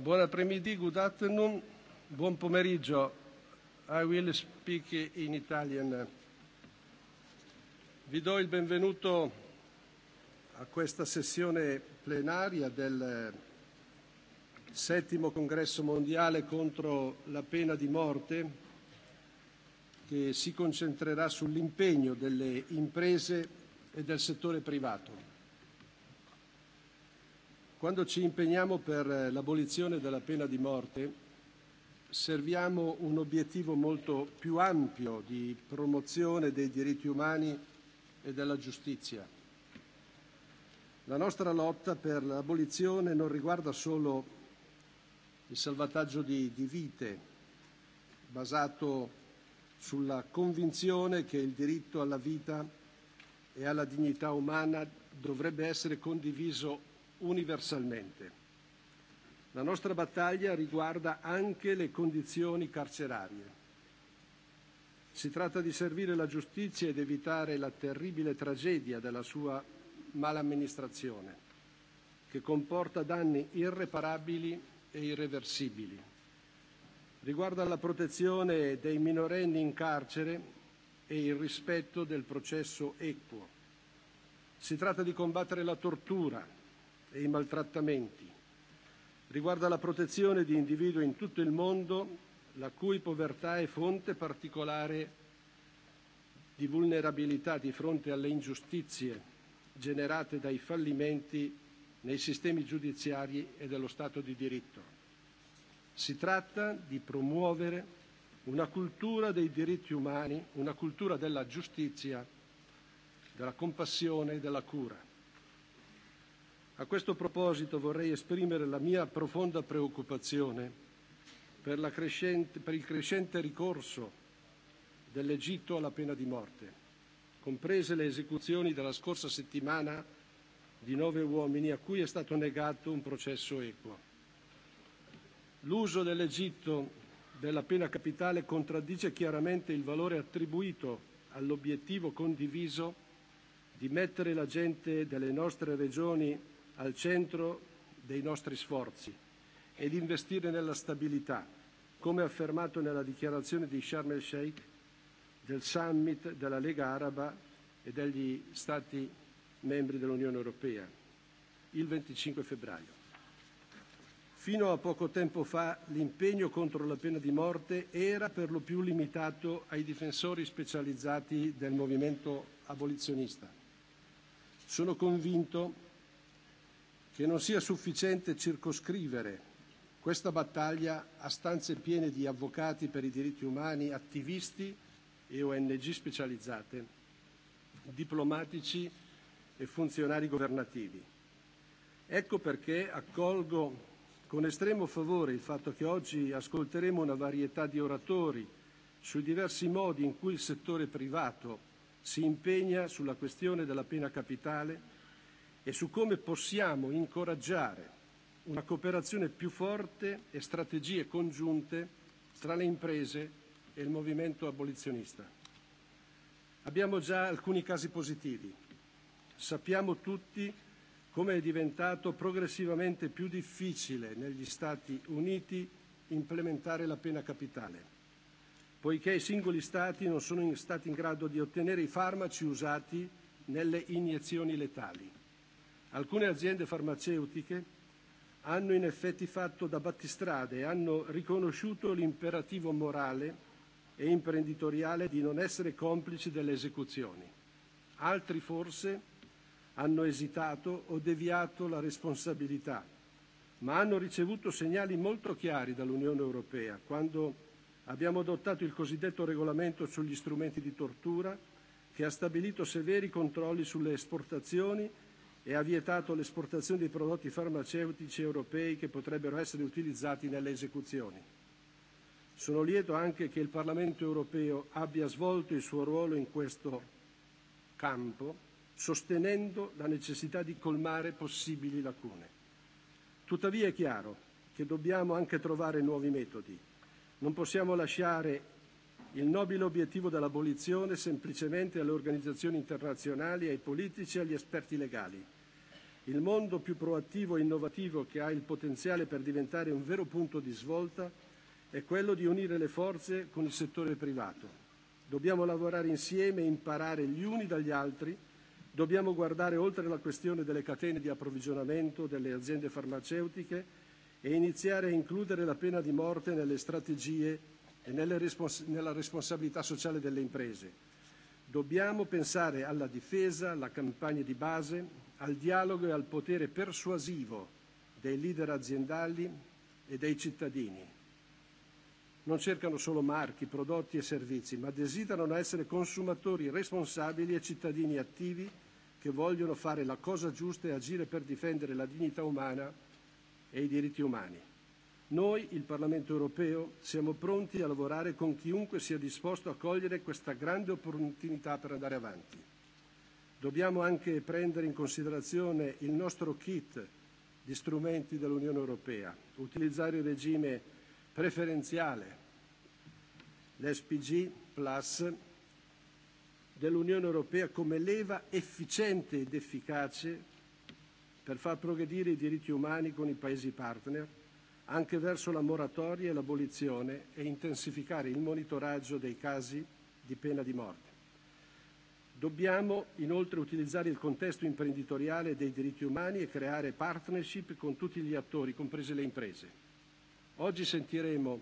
Buon pomeriggio, good afternoon, buon pomeriggio. I will speak in Italian. Vi do il benvenuto a questa sessione plenaria del settimo congresso mondiale contro la pena di morte che si concentrerà sull'impegno delle imprese e del settore privato. Quando ci impegniamo per l'abolizione della pena di morte, serviamo un obiettivo molto più ampio di promozione dei diritti umani e della giustizia. La nostra lotta per l'abolizione non riguarda solo il salvataggio di vite, basato sulla convinzione che il diritto alla vita e alla dignità umana dovrebbe essere condiviso universalmente. La nostra battaglia riguarda anche le condizioni carcerarie. Si tratta di servire la giustizia ed evitare la terribile tragedia della sua malamministrazione, che comporta danni irreparabili e irreversibili. Riguarda la protezione dei minorenni in carcere e il rispetto del processo equo. Si tratta di combattere la tortura, e i maltrattamenti. Riguarda la protezione di individui in tutto il mondo la cui povertà è fonte particolare di vulnerabilità di fronte alle ingiustizie generate dai fallimenti nei sistemi giudiziari e dello Stato di diritto. Si tratta di promuovere una cultura dei diritti umani, una cultura della giustizia, della compassione e della cura. A questo proposito vorrei esprimere la mia profonda preoccupazione per il crescente ricorso dell'Egitto alla pena di morte, comprese le esecuzioni della scorsa settimana di nove uomini a cui è stato negato un processo equo. L'uso dell'Egitto della pena capitale contraddice chiaramente il valore attribuito all'obiettivo condiviso di mettere la gente delle nostre regioni al centro dei nostri sforzi ed investire nella stabilità, come affermato nella dichiarazione di Sharm el Sheikh del summit della Lega Araba e degli Stati membri dell'Unione Europea il 25 febbraio. Fino a poco tempo fa l'impegno contro la pena di morte era per lo più limitato ai difensori specializzati del movimento abolizionista. Sono convinto che non sia sufficiente circoscrivere questa battaglia a stanze piene di avvocati per i diritti umani, attivisti e ONG specializzate, diplomatici e funzionari governativi. Ecco perché accolgo con estremo favore il fatto che oggi ascolteremo una varietà di oratori sui diversi modi in cui il settore privato si impegna sulla questione della pena capitale e su come possiamo incoraggiare una cooperazione più forte e strategie congiunte tra le imprese e il movimento abolizionista. Abbiamo già alcuni casi positivi. Sappiamo tutti come è diventato progressivamente più difficile negli Stati Uniti implementare la pena capitale poiché i singoli stati non sono stati in grado di ottenere i farmaci usati nelle iniezioni letali. Alcune aziende farmaceutiche hanno in effetti fatto da battistrade e hanno riconosciuto l'imperativo morale e imprenditoriale di non essere complici delle esecuzioni. Altri forse hanno esitato o deviato la responsabilità, ma hanno ricevuto segnali molto chiari dall'Unione Europea quando abbiamo adottato il cosiddetto regolamento sugli strumenti di tortura che ha stabilito severi controlli sulle esportazioni e ha vietato l'esportazione di prodotti farmaceutici europei che potrebbero essere utilizzati nelle esecuzioni. Sono lieto anche che il Parlamento europeo abbia svolto il suo ruolo in questo campo, sostenendo la necessità di colmare possibili lacune. Tuttavia è chiaro che dobbiamo anche trovare nuovi metodi. Non possiamo lasciare il nobile obiettivo dell'abolizione semplicemente alle organizzazioni internazionali, ai politici e agli esperti legali. Il mondo più proattivo e innovativo che ha il potenziale per diventare un vero punto di svolta è quello di unire le forze con il settore privato. Dobbiamo lavorare insieme e imparare gli uni dagli altri. Dobbiamo guardare oltre la questione delle catene di approvvigionamento delle aziende farmaceutiche e iniziare a includere la pena di morte nelle strategie e nella responsabilità sociale delle imprese. Dobbiamo pensare alla difesa, alla campagna di base, al dialogo e al potere persuasivo dei leader aziendali e dei cittadini. Non cercano solo marchi, prodotti e servizi, ma desiderano essere consumatori responsabili e cittadini attivi che vogliono fare la cosa giusta e agire per difendere la dignità umana e i diritti umani. Noi, il Parlamento europeo, siamo pronti a lavorare con chiunque sia disposto a cogliere questa grande opportunità per andare avanti. Dobbiamo anche prendere in considerazione il nostro kit di strumenti dell'Unione europea, utilizzare il regime preferenziale, l'SPG Plus, dell'Unione europea come leva efficiente ed efficace per far progredire i diritti umani con i Paesi partner anche verso la moratoria e l'abolizione e intensificare il monitoraggio dei casi di pena di morte. Dobbiamo inoltre utilizzare il contesto imprenditoriale dei diritti umani e creare partnership con tutti gli attori, comprese le imprese. Oggi sentiremo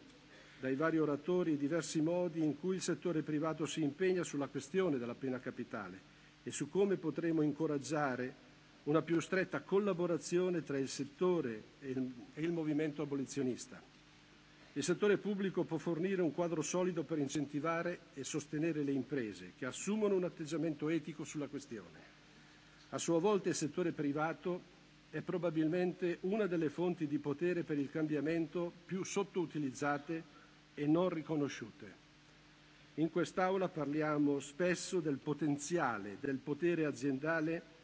dai vari oratori i diversi modi in cui il settore privato si impegna sulla questione della pena capitale e su come potremo incoraggiare una più stretta collaborazione tra il settore e il movimento abolizionista. Il settore pubblico può fornire un quadro solido per incentivare e sostenere le imprese che assumono un atteggiamento etico sulla questione. A sua volta il settore privato è probabilmente una delle fonti di potere per il cambiamento più sottoutilizzate e non riconosciute. In quest'Aula parliamo spesso del potenziale del potere aziendale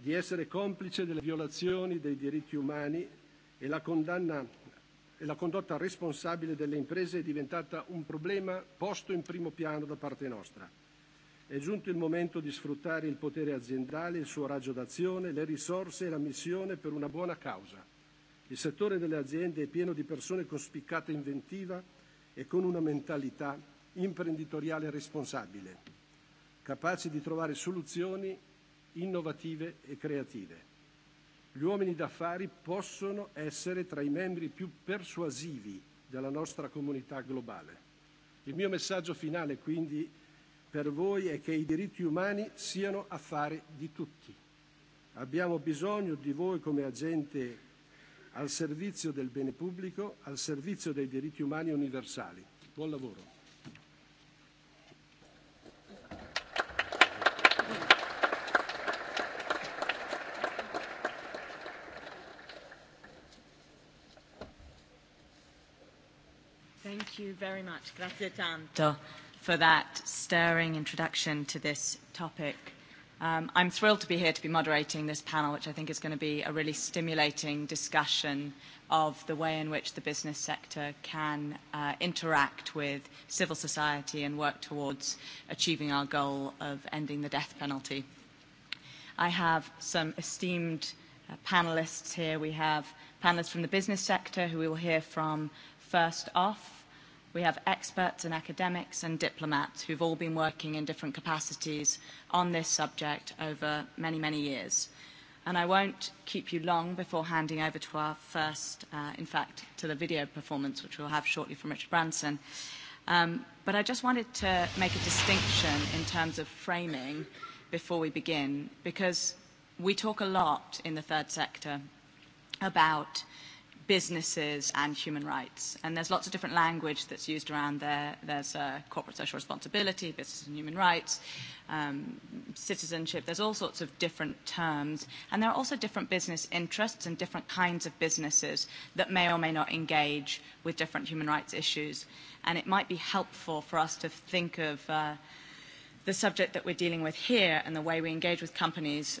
di essere complice delle violazioni dei diritti umani e la condanna e la condotta responsabile delle imprese è diventata un problema posto in primo piano da parte nostra. È giunto il momento di sfruttare il potere aziendale, il suo raggio d'azione, le risorse e la missione per una buona causa. Il settore delle aziende è pieno di persone con spiccata inventiva e con una mentalità imprenditoriale responsabile, capaci di trovare soluzioni innovative e creative. Gli uomini d'affari possono essere tra i membri più persuasivi della nostra comunità globale. Il mio messaggio finale quindi per voi è che i diritti umani siano affari di tutti. Abbiamo bisogno di voi come agente al servizio del bene pubblico, al servizio dei diritti umani universali. Buon lavoro. you very much, grazie tanto, for that stirring introduction to this topic. Um, I'm thrilled to be here to be moderating this panel, which I think is going to be a really stimulating discussion of the way in which the business sector can interact with civil society and work towards achieving our goal of ending the death penalty. I have some esteemed panelists here. We have panelists from the business sector who we will hear from first off We have experts and academics and diplomats who've all been working in different capacities on this subject over many, many years. And I won't keep you long before handing over to our first, in fact, to the video performance, which we'll have shortly from Richard Branson. But I just wanted to make a distinction in terms of framing before we begin, because we talk a lot in the third sector about businesses and human rights. And there's lots of different language that's used around there. There's corporate social responsibility, business and human rights, citizenship. There's all sorts of different terms. And there are also different business interests and different kinds of businesses that may or may not engage with different human rights issues. And it might be helpful for us to think of the subject that we're dealing with here and the way we engage with companies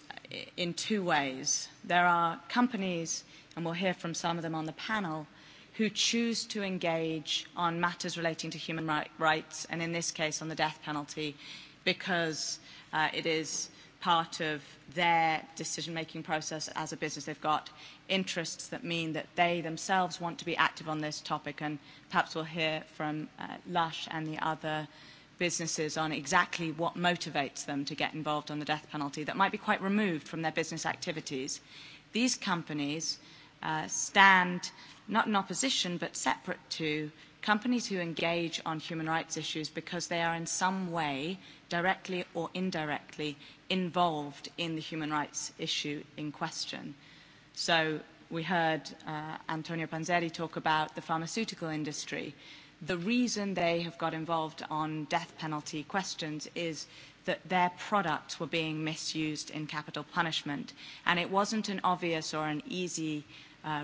in two ways. There are companies and we'll hear from some of them on the panel, who choose to engage on matters relating to human rights, and in this case on the death penalty, because it is part of their decision-making process as a business. They've got interests that mean that they themselves want to be active on this topic, and perhaps we'll hear from Lush and the other businesses on exactly what motivates them to get involved on the death penalty that might be quite removed from their business activities. These companies stand not in opposition but separate to companies who engage on human rights issues because they are in some way, directly or indirectly, involved in the human rights issue in question. So we heard Antonio Panzeri talk about the pharmaceutical industry. The reason they have got involved on death penalty questions is that their products were being misused in capital punishment, and it wasn't an obvious or an easy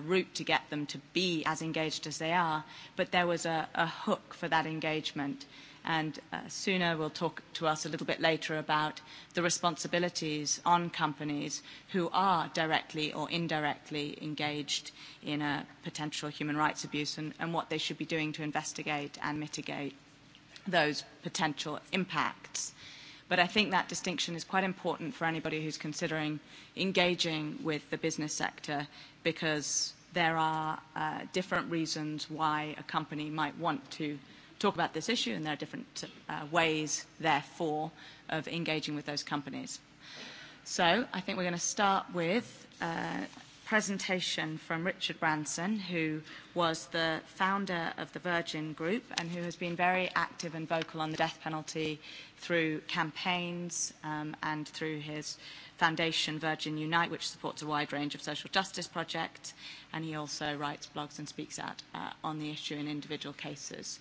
route to get them to be as engaged as they are, but there was a hook for that engagement. And Suna will talk to us a little bit later about the responsibilities on companies who are directly or indirectly engaged in a potential human rights abuse and what they should be doing to investigate and mitigate those potential impacts. But I think that distinction is quite important for anybody who's considering engaging with the business sector because there are different reasons why a company might want to talk about this issue and there are different ways, therefore, of engaging with those companies. So I think we're going to start with presentation from Richard Branson, who was the founder of the Virgin Group and who has been very active and vocal on the death penalty through campaigns and through his foundation Virgin Unite, which supports a wide range of social justice projects. And he also writes blogs and speaks out on the issue in individual cases.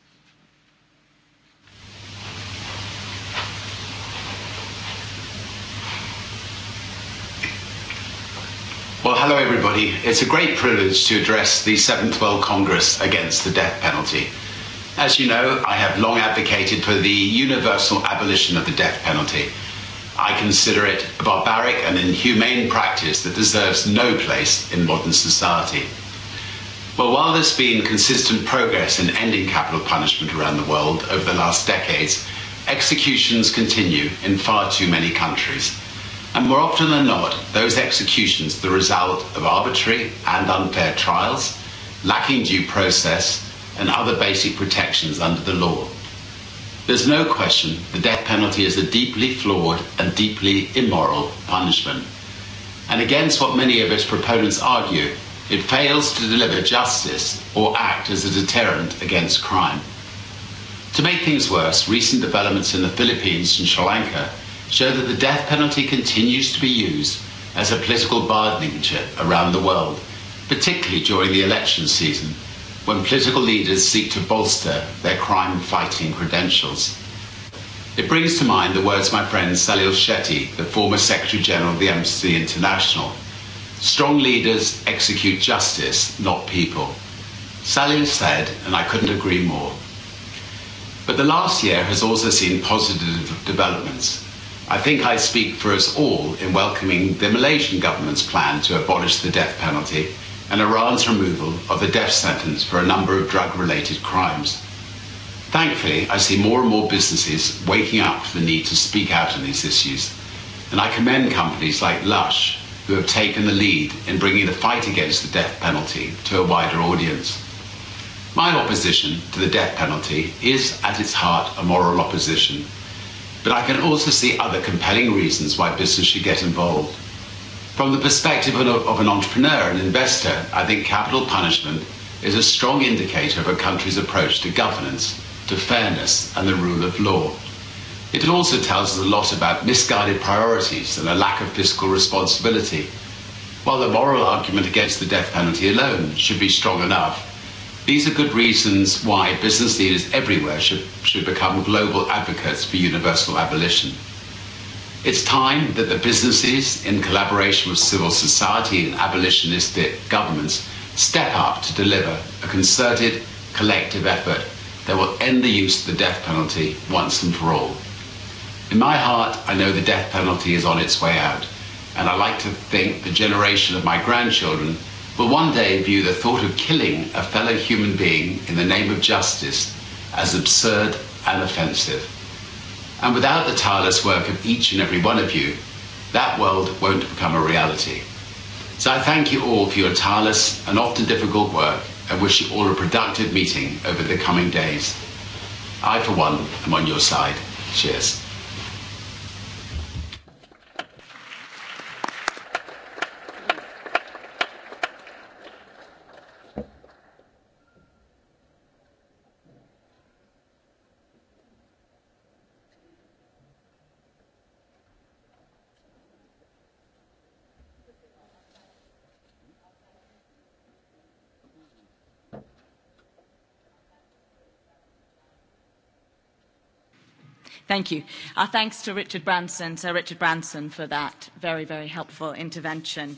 Well, hello everybody. It's a great privilege to address the Seventh World Congress against the death penalty. As you know, I have long advocated for the universal abolition of the death penalty. I consider it a barbaric and inhumane practice that deserves no place in modern society. Well, while there's been consistent progress in ending capital punishment around the world over the last decades, executions continue in far too many countries and more often than not those executions the result of arbitrary and unfair trials lacking due process and other basic protections under the law. There's no question the death penalty is a deeply flawed and deeply immoral punishment. And against what many of its proponents argue, it fails to deliver justice or act as a deterrent against crime. To make things worse, recent developments in the Philippines and Sri Lanka show that the death penalty continues to be used as a political bargaining chip around the world, particularly during the election season, when political leaders seek to bolster their crime-fighting credentials. It brings to mind the words my friend Salil Shetty, the former Secretary General of the Amnesty International. Strong leaders execute justice, not people. Salil said, and I couldn't agree more. But the last year has also seen positive developments. I think I speak for us all in welcoming the Malaysian government's plan to abolish the death penalty and Iran's removal of the death sentence for a number of drug-related crimes. Thankfully, I see more and more businesses waking up to the need to speak out on these issues, and I commend companies like Lush, who have taken the lead in bringing the fight against the death penalty to a wider audience. My opposition to the death penalty is, at its heart, a moral opposition – But I can also see other compelling reasons why business should get involved. From the perspective of an entrepreneur and investor, I think capital punishment is a strong indicator of a country's approach to governance, to fairness and the rule of law. It also tells us a lot about misguided priorities and a lack of fiscal responsibility, while the moral argument against the death penalty alone should be strong enough These are good reasons why business leaders everywhere should, should become global advocates for universal abolition. It's time that the businesses, in collaboration with civil society and abolitionistic governments, step up to deliver a concerted, collective effort that will end the use of the death penalty once and for all. In my heart, I know the death penalty is on its way out, and I like to think the generation of my grandchildren will one day view the thought of killing a fellow human being in the name of justice as absurd and offensive. And without the tireless work of each and every one of you, that world won't become a reality. So I thank you all for your tireless and often difficult work and wish you all a productive meeting over the coming days. I, for one, am on your side. Cheers. Thank you. Our thanks to Richard Branson, Sir Richard Branson, for that very, very helpful intervention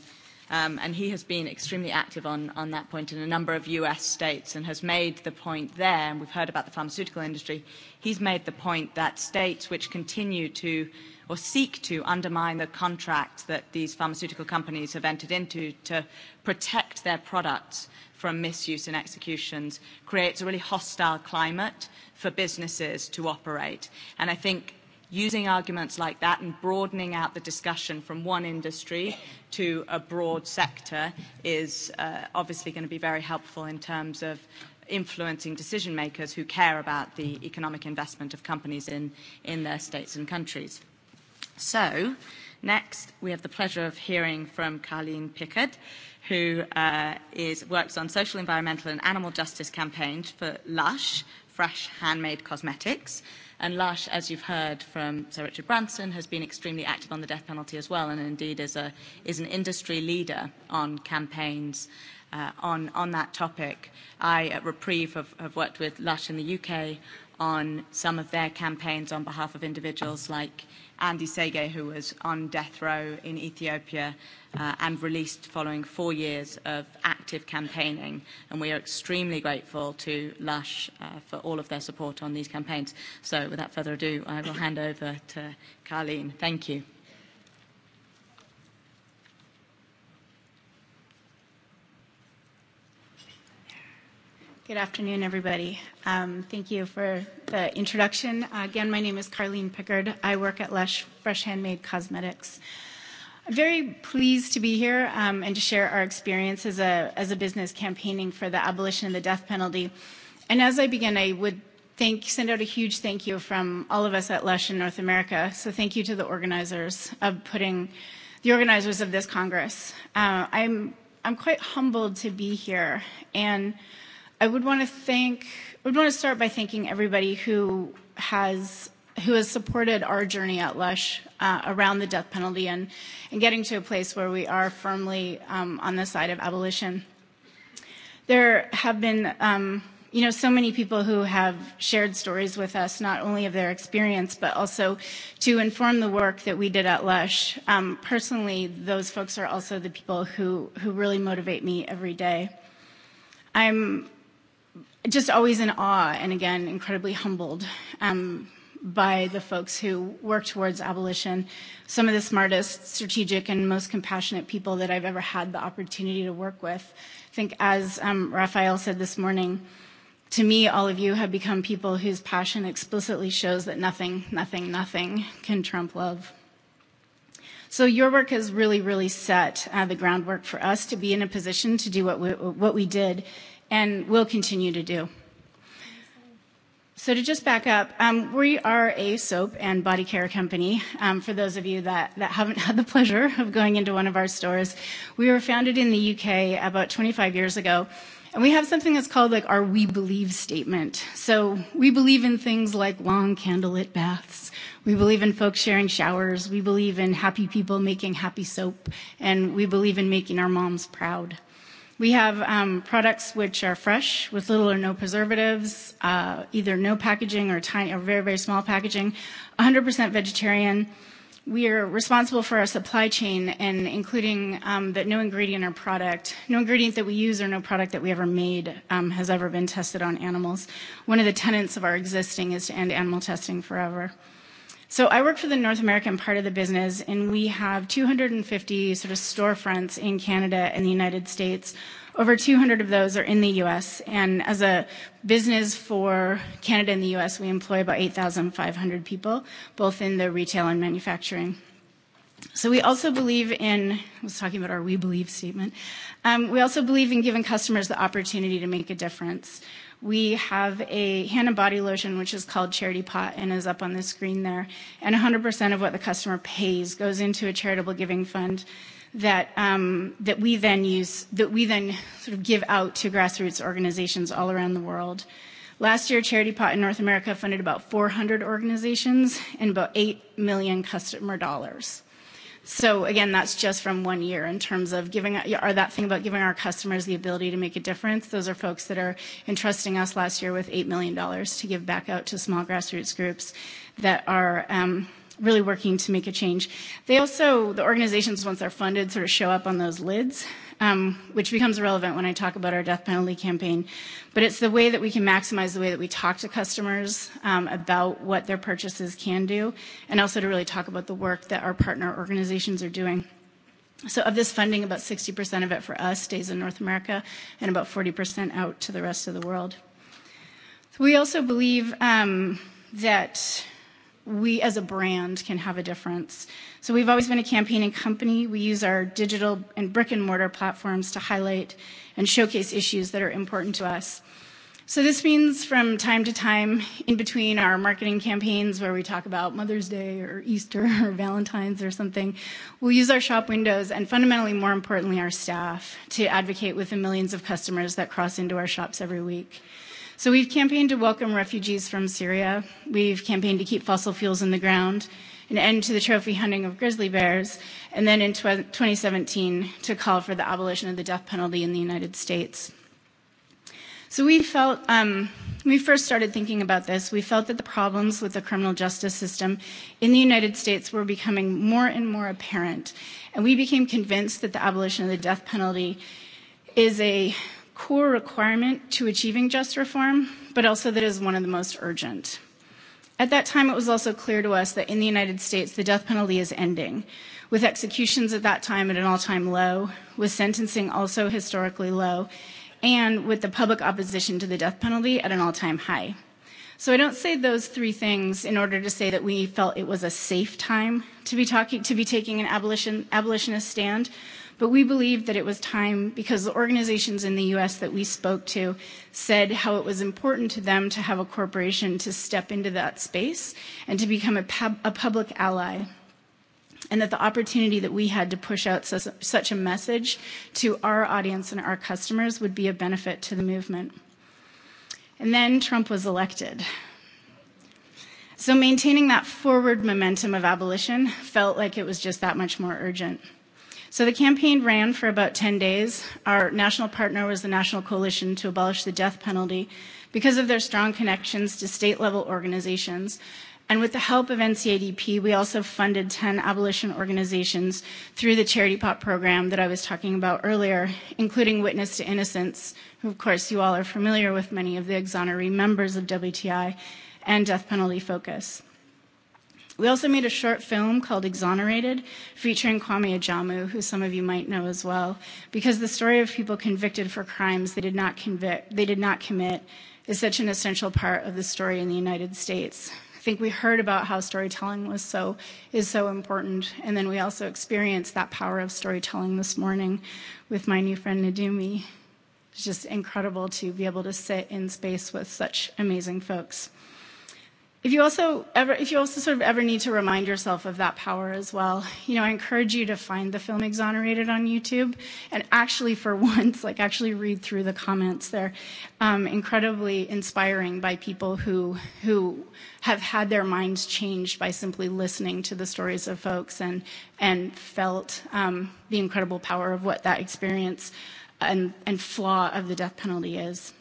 and he has been extremely active on on that point in a number of US states and has made the point there and we've heard about the pharmaceutical industry he's made the point that states which continue to or seek to undermine the contracts that these pharmaceutical companies have entered into to protect their products from misuse and executions creates a really hostile climate for businesses to operate and i think using arguments like that and broadening out the discussion from one industry to a broad sector is obviously going to be very helpful in terms of influencing decision makers who care about the economic investment of companies in in their states and countries. So next we have the pleasure of hearing from Carleen Pickard who is works on social environmental and animal justice campaigns for Lush fresh handmade cosmetics And Lush, as you've heard from Sir Richard Branson, has been extremely active on the death penalty as well, and indeed is, a, is an industry leader on campaigns on, on that topic. I, at Reprieve, have, have worked with Lush in the UK on some of their campaigns on behalf of individuals like Andy Sege, who was on death row in Ethiopia and released following four years of active campaigning. And we are extremely grateful to Lush for all of their support on these campaigns. So without further ado, I will hand over to Carleen. Thank you. Good afternoon, everybody. Um, thank you for the introduction. again, my name is Carlene Pickard. I work at Lush Fresh Handmade Cosmetics. I'm very pleased to be here um, and to share our experience as a, as a business campaigning for the abolition of the death penalty. And as I begin, I would thank, send out a huge thank you from all of us at Lush in North America. So thank you to the organizers of putting, the organizers of this Congress. Uh, I'm, I'm quite humbled to be here. And I would want to thank I would want to start by thanking everybody who has who has supported our journey at Lush around the death penalty and and getting to a place where we are firmly um on the side of abolition. There have been um you know so many people who have shared stories with us not only of their experience but also to inform the work that we did at Lush. Um Personally, those folks are also the people who who really motivate me every day. I'm just always in awe and again incredibly humbled um, by the folks who work towards abolition. Some of the smartest, strategic, and most compassionate people that I've ever had the opportunity to work with. I think, as um, Raphael said this morning, to me, all of you have become people whose passion explicitly shows that nothing, nothing, nothing can trump love. So your work has really, really set the groundwork for us to be in a position to do what we, what we did and will continue to do. So to just back up, um, we are a soap and body care company. Um, for those of you that, that haven't had the pleasure of going into one of our stores, we were founded in the UK about 25 years ago. And we have something that's called like our we believe statement. So we believe in things like long candlelit baths. We believe in folks sharing showers. We believe in happy people making happy soap. And we believe in making our moms proud. We have products which are fresh with little or no preservatives, either no packaging or tiny or very, very small packaging, 100% vegetarian. We are responsible for our supply chain and including that no ingredient or product, no ingredient that we use or no product that we ever made has ever been tested on animals. One of the tenets of our existing is to end animal testing forever. So I work for the North American part of the business, and we have 250 sort of storefronts in Canada and the United States. Over 200 of those are in the U.S. And as a business for Canada and the U.S., we employ about 8,500 people, both in the retail and manufacturing. So we also believe in, I was talking about our we believe statement. we also believe in giving customers the opportunity to make a difference we have a hand and body lotion which is called Charity Pot and is up on the screen there. And 100% of what the customer pays goes into a charitable giving fund that um that we then use that we then sort of give out to grassroots organizations all around the world. Last year Charity Pot in North America funded about 400 organizations and about 8 million customer dollars. So again, that's just from one year in terms of giving, or that thing about giving our customers the ability to make a difference. Those are folks that are entrusting us last year with $8 million to give back out to small grassroots groups that are really working to make a change. They also, the organizations, once they're funded, sort of show up on those lids which becomes relevant when I talk about our death penalty campaign. But it's the way that we can maximize the way that we talk to customers about what their purchases can do, and also to really talk about the work that our partner organizations are doing. So of this funding, about 60% of it for us stays in North America and about 40% out to the rest of the world. We also believe that we as a brand can have a difference. So we've always been a campaigning company. We use our digital and brick and mortar platforms to highlight and showcase issues that are important to us. So this means from time to time in between our marketing campaigns where we talk about Mother's Day or Easter or Valentine's or something, we'll use our shop windows and fundamentally more importantly our staff to advocate with the millions of customers that cross into our shops every week. So we've campaigned to welcome refugees from Syria. We've campaigned to keep fossil fuels in the ground, an end to the trophy hunting of grizzly bears, and then in 2017 to call for the abolition of the death penalty in the United States. So we felt um we first started thinking about this we felt that the problems with the criminal justice system in the United States were becoming more and more apparent and we became convinced that the abolition of the death penalty is a core requirement to achieving just reform, but also that is one of the most urgent. At that time, it was also clear to us that in the United States, the death penalty is ending, with executions at that time at an all-time low, with sentencing also historically low, and with the public opposition to the death penalty at an all-time high. So I don't say those three things in order to say that we felt it was a safe time to be talking to be taking an abolition abolitionist stand, But we believed that it was time because the organizations in the U.S. that we spoke to said how it was important to them to have a corporation to step into that space and to become a public ally and that the opportunity that we had to push out such a message to our audience and our customers would be a benefit to the movement. And then Trump was elected. So maintaining that forward momentum of abolition felt like it was just that much more urgent. So the campaign ran for about 10 days. Our national partner was the National Coalition to Abolish the Death Penalty because of their strong connections to state-level organizations. And with the help of NCADP, we also funded 10 abolition organizations through the Charity Pop program that I was talking about earlier, including Witness to Innocence, who, of course, you all are familiar with many of the exoneree members of WTI, and Death Penalty Focus. We also made a short film called Exonerated, featuring Kwame Ajamu, who some of you might know as well, because the story of people convicted for crimes they did not convict, they did not commit, is such an essential part of the story in the United States. I think we heard about how storytelling was so is so important, and then we also experienced that power of storytelling this morning with my new friend Nadumi. It's just incredible to be able to sit in space with such amazing folks. If you also ever if you also sort of ever need to remind yourself of that power as well, you know, I encourage you to find the film Exonerated on YouTube and actually for once, like actually read through the comments. They're um incredibly inspiring by people who who have had their minds changed by simply listening to the stories of folks and and felt um the incredible power of what that experience and and flaw of the death penalty is.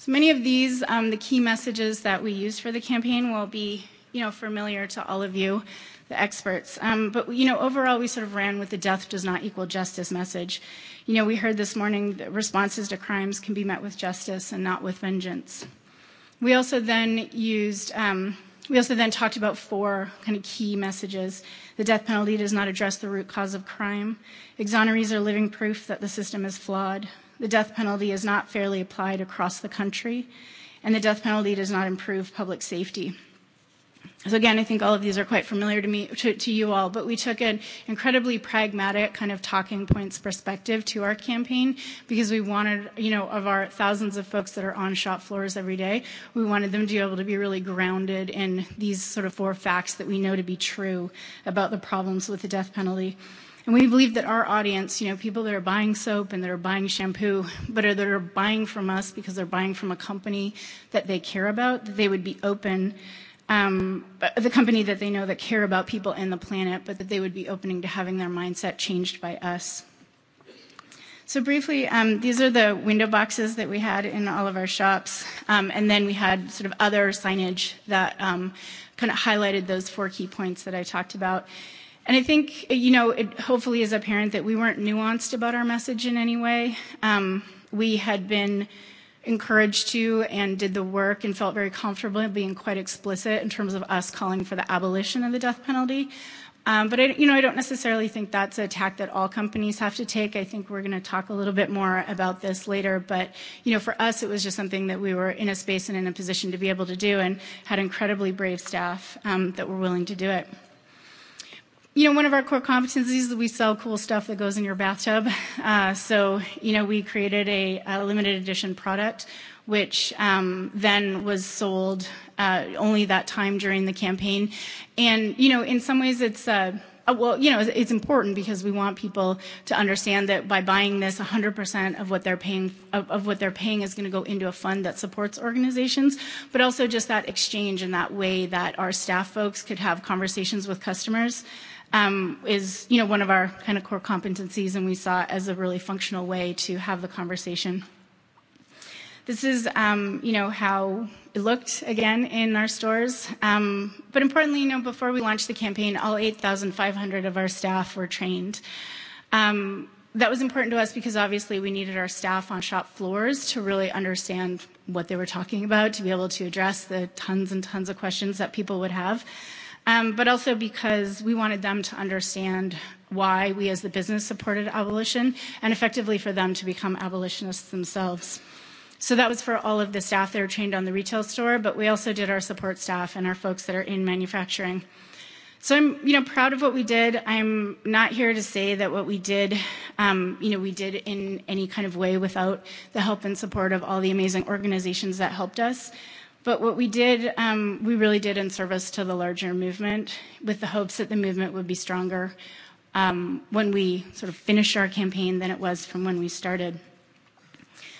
So many of these, um, the key messages that we use for the campaign will be, you know, familiar to all of you, the experts. Um, but, you know, overall, we sort of ran with the death does not equal justice message. You know, we heard this morning that responses to crimes can be met with justice and not with vengeance. We also then used, um, we also then talked about four kind of key messages. The death penalty does not address the root cause of crime. Exonerees are living proof that the system is flawed the death penalty is not fairly applied across the country, and the death penalty does not improve public safety. So again, I think all of these are quite familiar to me, to you all, but we took an incredibly pragmatic kind of talking points perspective to our campaign because we wanted, you know, of our thousands of folks that are on shop floors every day, we wanted them to be able to be really grounded in these sort of four facts that we know to be true about the problems with the death penalty. And we believe that our audience, you know, people that are buying soap and that are buying shampoo, but are, that are buying from us because they're buying from a company that they care about, that they would be open, the company that they know that care about people and the planet, but that they would be opening to having their mindset changed by us. So briefly, um, these are the window boxes that we had in all of our shops. Um, and then we had sort of other signage that um, kind of highlighted those four key points that I talked about. And I think, you know, it hopefully is apparent that we weren't nuanced about our message in any way. Um, we had been encouraged to and did the work and felt very comfortable being quite explicit in terms of us calling for the abolition of the death penalty. Um, but I, you know, I don't necessarily think that's a tack that all companies have to take. I think we're going to talk a little bit more about this later. But you know, for us, it was just something that we were in a space and in a position to be able to do, and had incredibly brave staff um, that were willing to do it you know, one of our core competencies is we sell cool stuff that goes in your bathtub. Uh, so, you know, we created a, a limited edition product, which um, then was sold uh, only that time during the campaign. And, you know, in some ways it's, uh, well, you know, it's important because we want people to understand that by buying this, 100% of what they're paying of, what they're paying is going to go into a fund that supports organizations. But also just that exchange and that way that our staff folks could have conversations with customers um, is, you know, one of our kind of core competencies, and we saw it as a really functional way to have the conversation. This is, you know, how it looked again in our stores. but importantly, you know, before we launched the campaign, all 8,500 of our staff were trained. that was important to us because obviously we needed our staff on shop floors to really understand what they were talking about, to be able to address the tons and tons of questions that people would have but also because we wanted them to understand why we as the business supported abolition and effectively for them to become abolitionists themselves. So that was for all of the staff that are trained on the retail store, but we also did our support staff and our folks that are in manufacturing. So I'm, you know, proud of what we did. I'm not here to say that what we did, um, you know, we did in any kind of way without the help and support of all the amazing organizations that helped us. But what we did, we really did in service to the larger movement with the hopes that the movement would be stronger um, when we sort of finished our campaign than it was from when we started.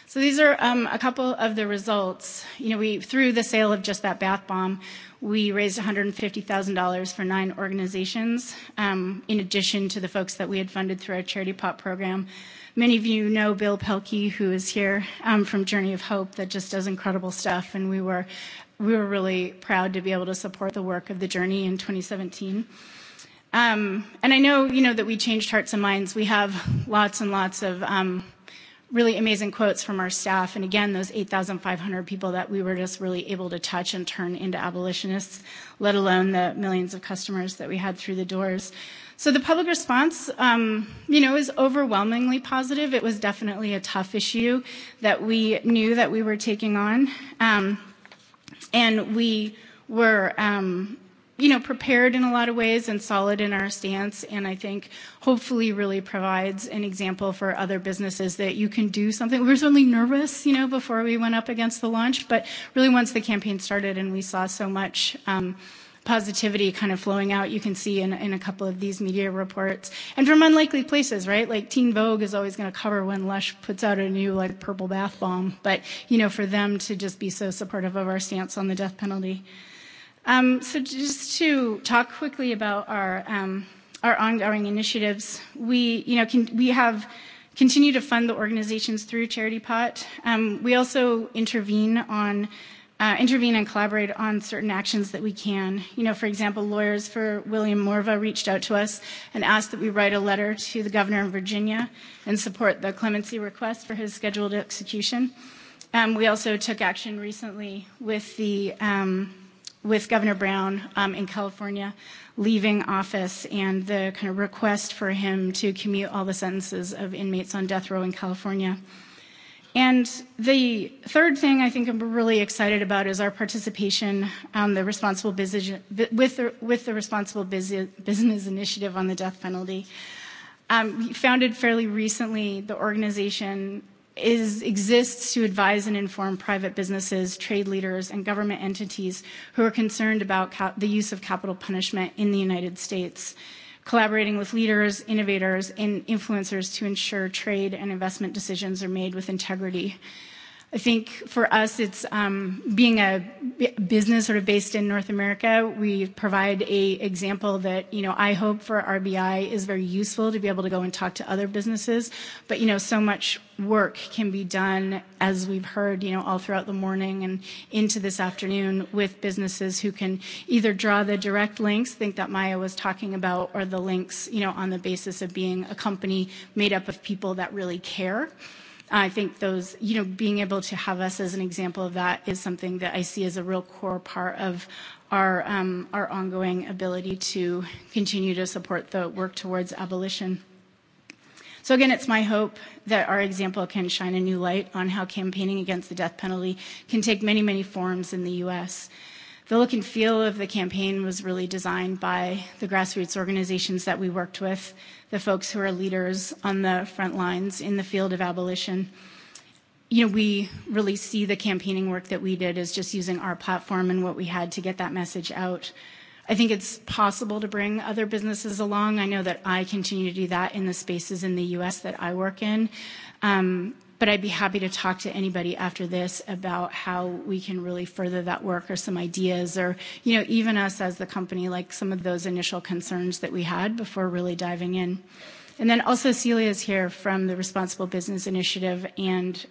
So these are um, a couple of the results. You know, we through the sale of just that bath bomb, we raised $150,000 for nine organizations, um, in addition to the folks that we had funded through our charity pot program. Many of you know Bill Pelkey, who is here from Journey of Hope, that just does incredible stuff, and we were we were really proud to be able to support the work of the Journey in 2017. Um, and I know, you know, that we changed hearts and minds. We have lots and lots of um, really amazing quotes from our staff. And again, those 8,500 people that we were just really able to touch and turn into abolitionists, let alone the millions of customers that we had through the doors. So the public response, um, you know, is overwhelmingly positive. It was definitely a tough issue that we knew that we were taking on. Um, and we were, um, you know, prepared in a lot of ways and solid in our stance. And I think hopefully really provides an example for other businesses that you can do something. We were certainly nervous, you know, before we went up against the launch, but really once the campaign started and we saw so much, um, positivity kind of flowing out you can see in in a couple of these media reports and from unlikely places right like teen vogue is always going to cover when lush puts out a new like purple bath bomb but you know for them to just be so supportive of our stance on the death penalty um so just to talk quickly about our um our ongoing initiatives we you know can we have continue to fund the organizations through charity pot um we also intervene on intervene and collaborate on certain actions that we can. You know, for example, lawyers for William Morva reached out to us and asked that we write a letter to the governor of Virginia and support the clemency request for his scheduled execution. we also took action recently with the um, with Governor Brown um, in California leaving office and the kind of request for him to commute all the sentences of inmates on death row in California. And the third thing I think I'm really excited about is our participation on the responsible business with the, responsible business initiative on the death penalty. we founded fairly recently, the organization is exists to advise and inform private businesses, trade leaders, and government entities who are concerned about the use of capital punishment in the United States collaborating with leaders, innovators, and influencers to ensure trade and investment decisions are made with integrity. I think for us, it's being a business sort of based in North America, we provide a example that, you know, I hope for RBI is very useful to be able to go and talk to other businesses. But, you know, so much work can be done, as we've heard, you know, all throughout the morning and into this afternoon with businesses who can either draw the direct links, think that Maya was talking about, or the links, you know, on the basis of being a company made up of people that really care I think those, you know, being able to have us as an example of that is something that I see as a real core part of our our ongoing ability to continue to support the work towards abolition. So again, it's my hope that our example can shine a new light on how campaigning against the death penalty can take many, many forms in the U.S. The look and feel of the campaign was really designed by the grassroots organizations that we worked with, the folks who are leaders on the front lines in the field of abolition. You know, we really see the campaigning work that we did as just using our platform and what we had to get that message out. I think it's possible to bring other businesses along. I know that I continue to do that in the spaces in the U.S. that I work in. But I'd be happy to talk to anybody after this about how we can really further that work or some ideas or, you know, even us as the company, like some of those initial concerns that we had before really diving in. And then also Celia is here from the Responsible Business Initiative, and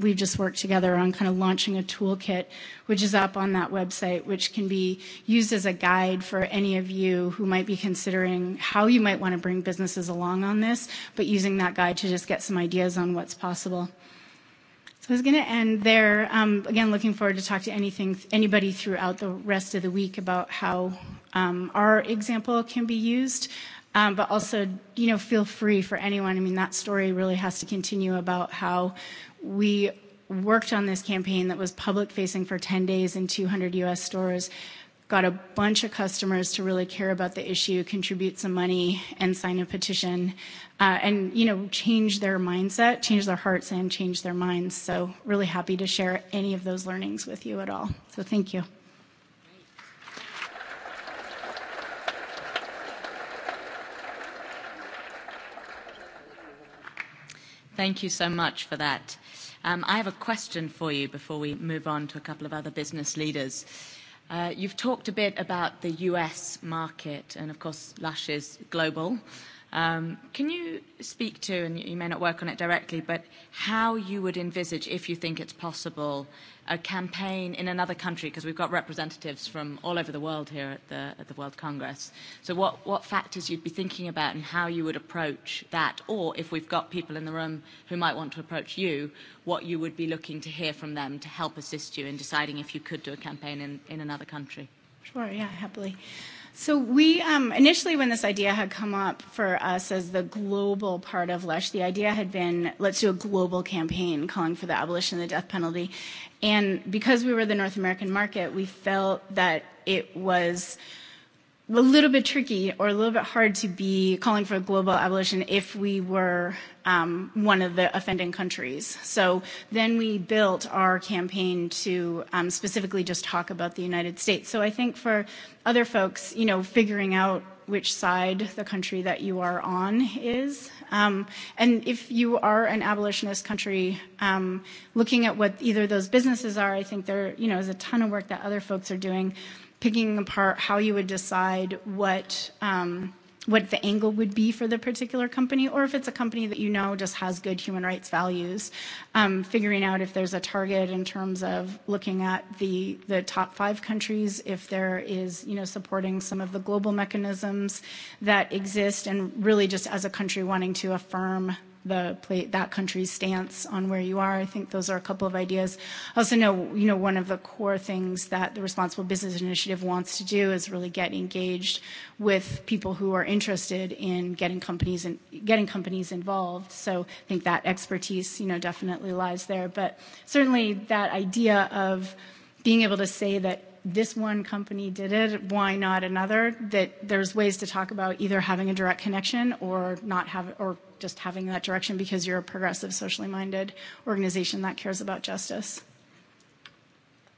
we've just worked together on kind of launching a toolkit, which is up on that website, which can be used as a guide for any of you who might be considering how you might want to bring businesses along on this, but using that guide to just get some ideas on what's possible. So I was going to end there. again, looking forward to talk to anything, anybody throughout the rest of the week about how our example can be used um but also you know feel free for anyone i mean that story really has to continue about how we worked on this campaign that was public facing for 10 days in 200 us stores got a bunch of customers to really care about the issue contribute some money and sign a petition and you know change their mindset change their hearts and change their minds so really happy to share any of those learnings with you at all so thank you Thank you so much for that. Um I have a question for you before we move on to a couple of other business leaders. Uh You've talked a bit about the US market, and of course, Lush is global. Can you speak to, and you may not work on it directly, but how you would envisage, if you think it's possible, a campaign in another country because we've got representatives from all over the world here at the at the World Congress. So what what factors you'd be thinking about and how you would approach that, or if we've got people in the room who might want to approach you, what you would be looking to hear from them to help assist you in deciding if you could do a campaign in in another country. Sure, yeah, happily. So we um, initially, when this idea had come up for us as the global part of Lush, the idea had been let's do a global campaign calling for the abolition of the death penalty. And because we were the North American market, we felt that it was a little bit tricky or a little bit hard to be calling for global abolition if we were um, one of the offending countries. So then we built our campaign to um, specifically just talk about the United States. So I think for other folks, you know, figuring out which side the country that you are on is. Um, and if you are an abolitionist country, um, looking at what either those businesses are, I think there, you know, is a ton of work that other folks are doing picking apart how you would decide what um what the angle would be for the particular company or if it's a company that you know just has good human rights values um figuring out if there's a target in terms of looking at the the top five countries if there is you know supporting some of the global mechanisms that exist and really just as a country wanting to affirm the that country's stance on where you are. I think those are a couple of ideas. I also know, you know, one of the core things that the Responsible Business Initiative wants to do is really get engaged with people who are interested in getting companies and getting companies involved. So I think that expertise, you know, definitely lies there. But certainly that idea of being able to say that this one company did it, why not another? That there's ways to talk about either having a direct connection or not have, or just having that direction because you're a progressive, socially minded organization that cares about justice.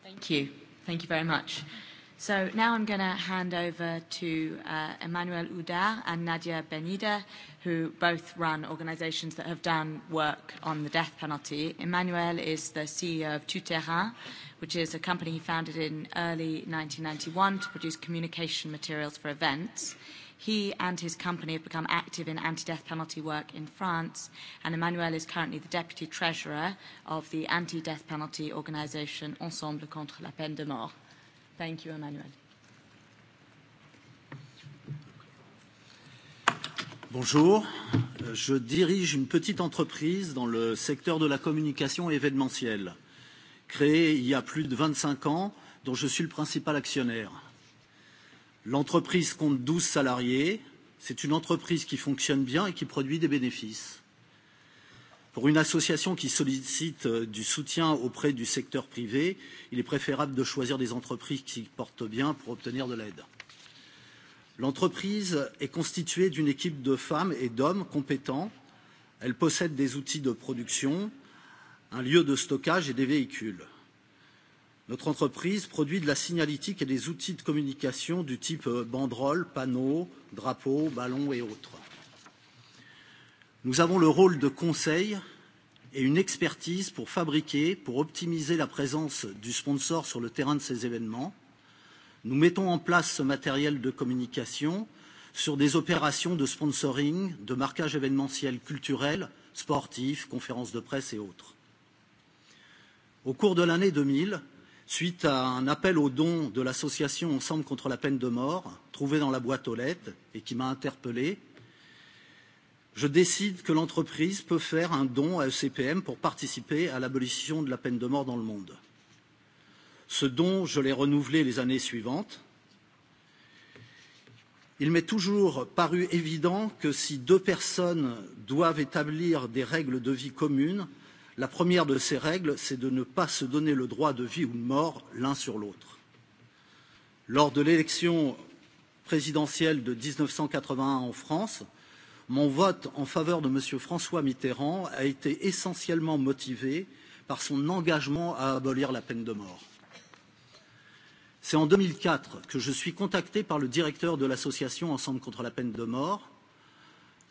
Thank you. Thank you very much. So now I'm going to hand over to uh, Emmanuel Oudard and Nadia Benida, who both run organizations that have done work on the death penalty. Emmanuel is the CEO of Tuterrain, which is a company he founded in early 1991 to produce communication materials for events. He and his company have become active in anti-death penalty work in France, and Emmanuel is currently the deputy treasurer of the anti-death penalty organization Ensemble contre la peine de mort. Thank you, Emmanuel. Bonjour, je dirige une petite entreprise dans le secteur de la communication événementielle, créée il y a plus de 25 ans, dont je suis le principal actionnaire. L'entreprise compte 12 salariés, c'est une entreprise qui fonctionne bien et qui produit des bénéfices. Pour une association qui sollicite du soutien auprès du secteur privé, il est préférable de choisir des entreprises qui portent bien pour obtenir de l'aide. L'entreprise est constituée d'une équipe de femmes et d'hommes compétents. Elle possède des outils de production, un lieu de stockage et des véhicules. Notre entreprise produit de la signalétique et des outils de communication du type banderoles, panneaux, drapeaux, ballons et autres. Nous avons le rôle de conseil et une expertise pour fabriquer, pour optimiser la présence du sponsor sur le terrain de ces événements. Nous mettons en place ce matériel de communication sur des opérations de sponsoring, de marquage événementiel culturel, sportif, conférences de presse et autres. Au cours de l'année 2000, suite à un appel aux dons de l'association Ensemble contre la peine de mort, trouvé dans la boîte aux lettres et qui m'a interpellé, je décide que l'entreprise peut faire un don à ECPM pour participer à l'abolition de la peine de mort dans le monde. Ce don, je l'ai renouvelé les années suivantes. Il m'est toujours paru évident que si deux personnes doivent établir des règles de vie communes, la première de ces règles, c'est de ne pas se donner le droit de vie ou de mort l'un sur l'autre. Lors de l'élection présidentielle de 1981 en France, mon vote en faveur de m. françois mitterrand a été essentiellement motivé par son engagement à abolir la peine de mort. c'est en 2004 que je suis contacté par le directeur de l'association ensemble contre la peine de mort.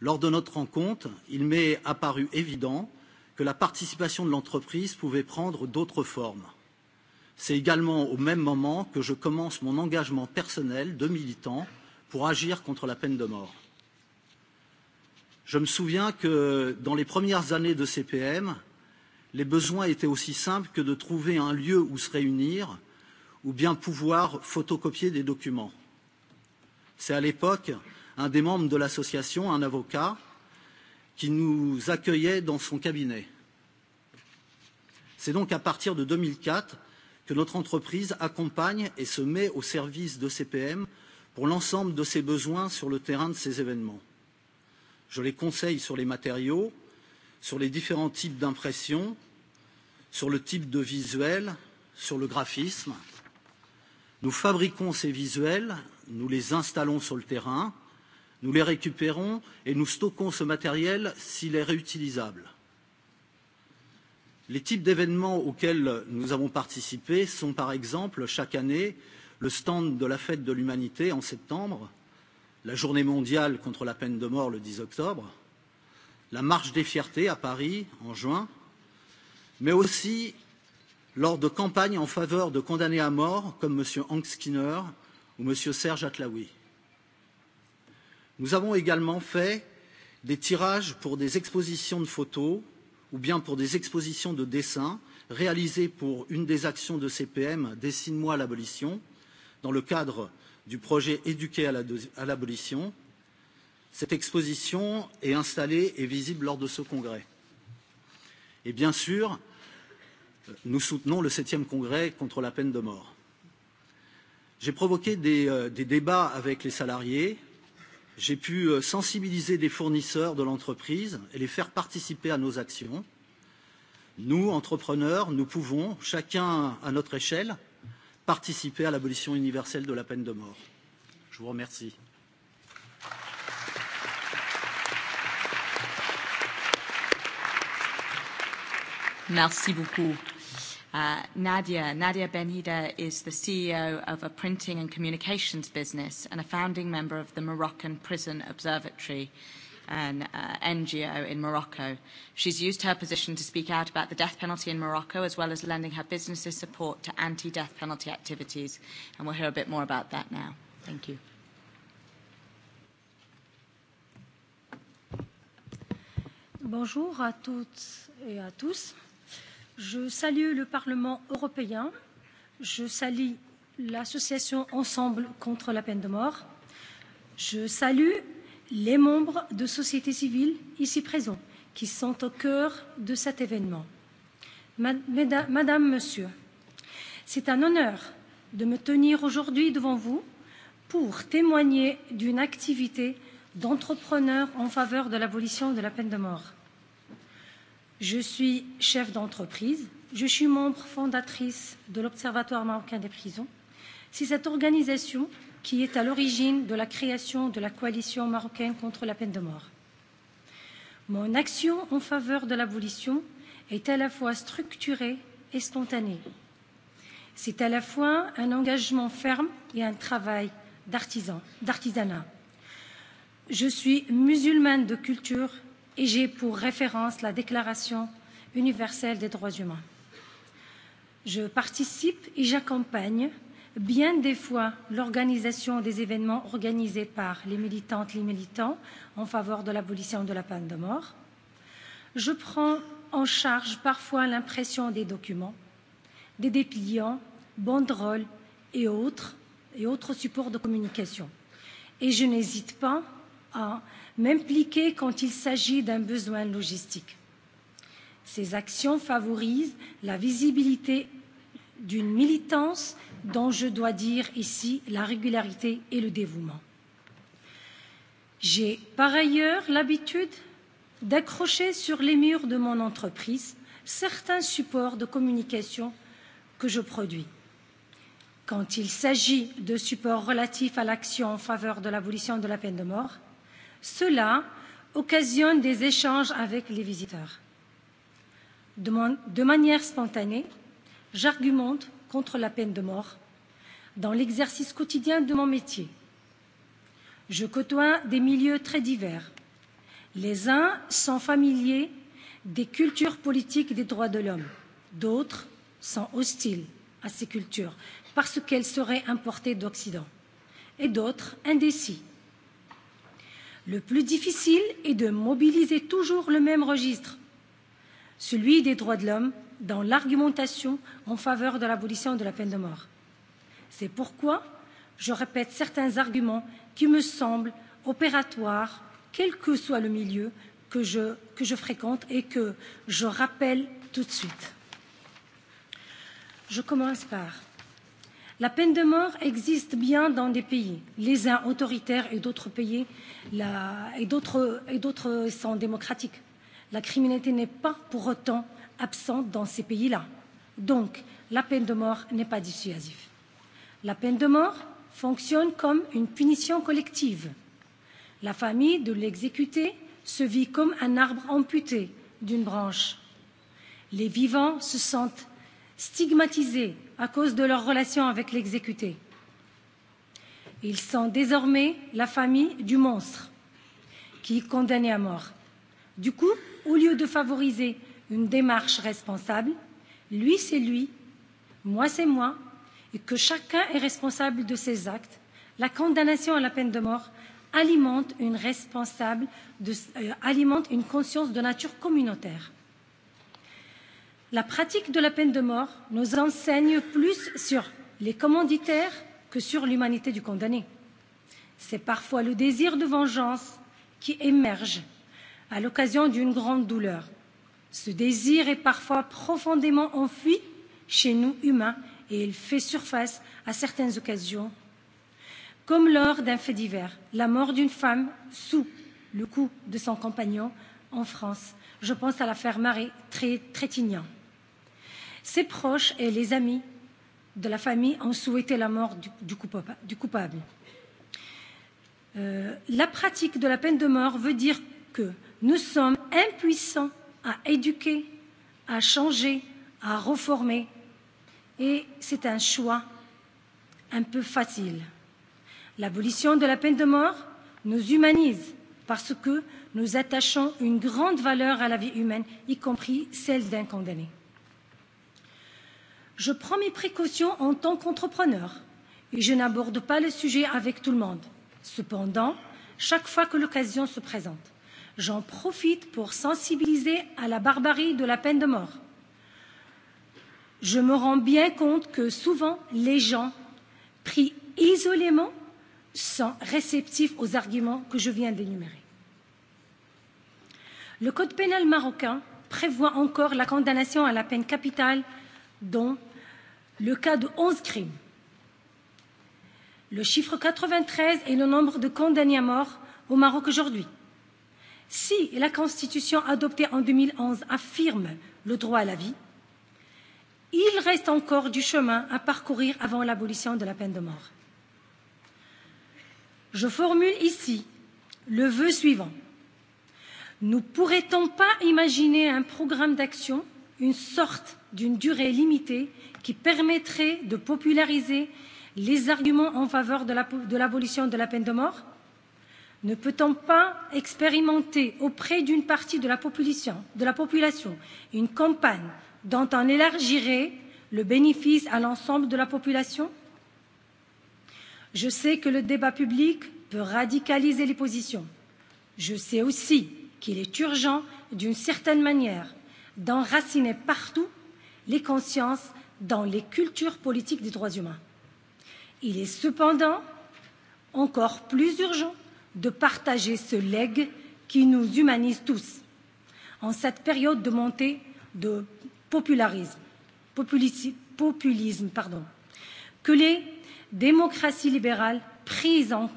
lors de notre rencontre il m'est apparu évident que la participation de l'entreprise pouvait prendre d'autres formes. c'est également au même moment que je commence mon engagement personnel de militant pour agir contre la peine de mort. Je me souviens que dans les premières années de CPM, les besoins étaient aussi simples que de trouver un lieu où se réunir ou bien pouvoir photocopier des documents. C'est à l'époque un des membres de l'association, un avocat, qui nous accueillait dans son cabinet. C'est donc à partir de 2004 que notre entreprise accompagne et se met au service de CPM pour l'ensemble de ses besoins sur le terrain de ces événements je les conseille sur les matériaux sur les différents types d'impression sur le type de visuel sur le graphisme nous fabriquons ces visuels nous les installons sur le terrain nous les récupérons et nous stockons ce matériel s'il est réutilisable les types d'événements auxquels nous avons participé sont par exemple chaque année le stand de la fête de l'humanité en septembre la journée mondiale contre la peine de mort le 10 octobre, la marche des fiertés à Paris en juin, mais aussi lors de campagnes en faveur de condamnés à mort comme M. Hank Skinner ou M. Serge Atlaoui. Nous avons également fait des tirages pour des expositions de photos ou bien pour des expositions de dessins réalisées pour une des actions de CPM Dessine-moi l'abolition dans le cadre du projet Éduquer à l'abolition. Cette exposition est installée et visible lors de ce congrès. Et bien sûr, nous soutenons le 7e congrès contre la peine de mort. J'ai provoqué des débats avec les salariés. J'ai pu sensibiliser des fournisseurs de l'entreprise et les faire participer à nos actions. Nous, entrepreneurs, nous pouvons, chacun à notre échelle, participer à l'abolition universelle de la peine de mort. Je vous remercie. Merci beaucoup. Nadia Nadia Benida is the CEO of a printing and communications business and a founding member of the Moroccan Prison Observatory an NGO in Morocco. She's used her position to speak out about the death penalty in Morocco, as well as lending her business's support to anti-death penalty activities. And we'll hear a bit more about that now. Thank you. Bonjour à toutes et à tous. Je salue le Parlement européen. Je salue l'association Ensemble contre la peine de mort. Je salue les membres de société civile ici présents qui sont au cœur de cet événement. Madame, Monsieur, c'est un honneur de me tenir aujourd'hui devant vous pour témoigner d'une activité d'entrepreneur en faveur de l'abolition de la peine de mort. Je suis chef d'entreprise, je suis membre fondatrice de l'Observatoire marocain des prisons. Si cette organisation qui est à l'origine de la création de la coalition marocaine contre la peine de mort. Mon action en faveur de l'abolition est à la fois structurée et spontanée. C'est à la fois un engagement ferme et un travail d'artisanat. Je suis musulmane de culture et j'ai pour référence la Déclaration universelle des droits humains. Je participe et j'accompagne Bien des fois, l'organisation des événements organisés par les militantes, les militants en faveur de l'abolition de la peine de mort. Je prends en charge parfois l'impression des documents, des dépliants, banderoles et autres et autres supports de communication. Et je n'hésite pas à m'impliquer quand il s'agit d'un besoin logistique. Ces actions favorisent la visibilité d'une militance dont je dois dire ici la régularité et le dévouement. J'ai par ailleurs l'habitude d'accrocher sur les murs de mon entreprise certains supports de communication que je produis. Quand il s'agit de supports relatifs à l'action en faveur de l'abolition de la peine de mort, cela occasionne des échanges avec les visiteurs. De manière spontanée, j'argumente contre la peine de mort dans l'exercice quotidien de mon métier. Je côtoie des milieux très divers. Les uns sont familiers des cultures politiques des droits de l'homme. D'autres sont hostiles à ces cultures parce qu'elles seraient importées d'Occident. Et d'autres indécis. Le plus difficile est de mobiliser toujours le même registre, celui des droits de l'homme dans l'argumentation en faveur de l'abolition de la peine de mort. C'est pourquoi je répète certains arguments qui me semblent opératoires, quel que soit le milieu que je fréquente et que je rappelle tout de suite. Je commence par la peine de mort existe bien dans des pays, les uns autoritaires et d'autres pays et d'autres sont démocratiques. La criminalité n'est pas pour autant absente dans ces pays-là. Donc, la peine de mort n'est pas dissuasive. La peine de mort fonctionne comme une punition collective. La famille de l'exécuté se vit comme un arbre amputé d'une branche. Les vivants se sentent stigmatisés à cause de leur relation avec l'exécuté. Ils sont désormais la famille du monstre qui est condamné à mort. Du coup, au lieu de favoriser une démarche responsable, lui c'est lui, moi c'est moi, et que chacun est responsable de ses actes, la condamnation à la peine de mort alimente une responsable alimente une conscience de nature communautaire. La pratique de la peine de mort nous enseigne plus sur les commanditaires que sur l'humanité du condamné. C'est parfois le désir de vengeance qui émerge à l'occasion d'une grande douleur Ce désir est parfois profondément enfui chez nous humains et il fait surface à certaines occasions, comme lors d'un fait divers, la mort d'une femme sous le coup de son compagnon en France. Je pense à l'affaire Marie Trétignan. Ses proches et les amis de la famille ont souhaité la mort du coupable. La pratique de la peine de mort veut dire que nous sommes impuissants à éduquer, à changer, à reformer. Et c'est un choix un peu facile. L'abolition de la peine de mort nous humanise parce que nous attachons une grande valeur à la vie humaine, y compris celle d'un condamné. Je prends mes précautions en tant qu'entrepreneur et je n'aborde pas le sujet avec tout le monde. Cependant, chaque fois que l'occasion se présente, J'en profite pour sensibiliser à la barbarie de la peine de mort. Je me rends bien compte que souvent les gens, pris isolément, sont réceptifs aux arguments que je viens d'énumérer. Le code pénal marocain prévoit encore la condamnation à la peine capitale dont le cas de 11 crimes. Le chiffre 93 est le nombre de condamnés à mort au Maroc aujourd'hui. Si la Constitution adoptée en 2011 affirme le droit à la vie, il reste encore du chemin à parcourir avant l'abolition de la peine de mort. Je formule ici le vœu suivant. Ne pourrait-on pas imaginer un programme d'action, une sorte d'une durée limitée, qui permettrait de populariser les arguments en faveur de l'abolition de la peine de mort Ne peut-on pas expérimenter auprès d'une partie de la population une campagne dont on élargirait le bénéfice à l'ensemble de la population Je sais que le débat public peut radicaliser les positions. Je sais aussi qu'il est urgent, d'une certaine manière, d'enraciner partout les consciences dans les cultures politiques des droits humains. Il est cependant encore plus urgent de partager ce legs qui nous humanise tous. En cette période de montée de popularisme, populisme, pardon, que les démocraties libérales prises en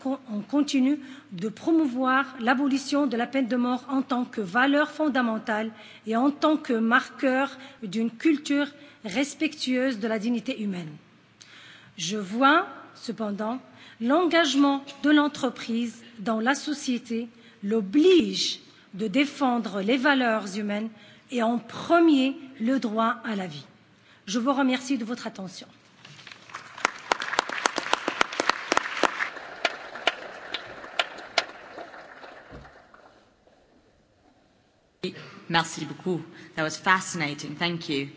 continu de promouvoir l'abolition de la peine de mort en tant que valeur fondamentale et en tant que marqueur d'une culture respectueuse de la dignité humaine. Je vois cependant l'engagement de l'entreprise dans la société l'oblige de défendre les valeurs humaines et en premier le droit à la vie. Je vous remercie de votre attention. Merci beaucoup. That was fascinating. Thank you.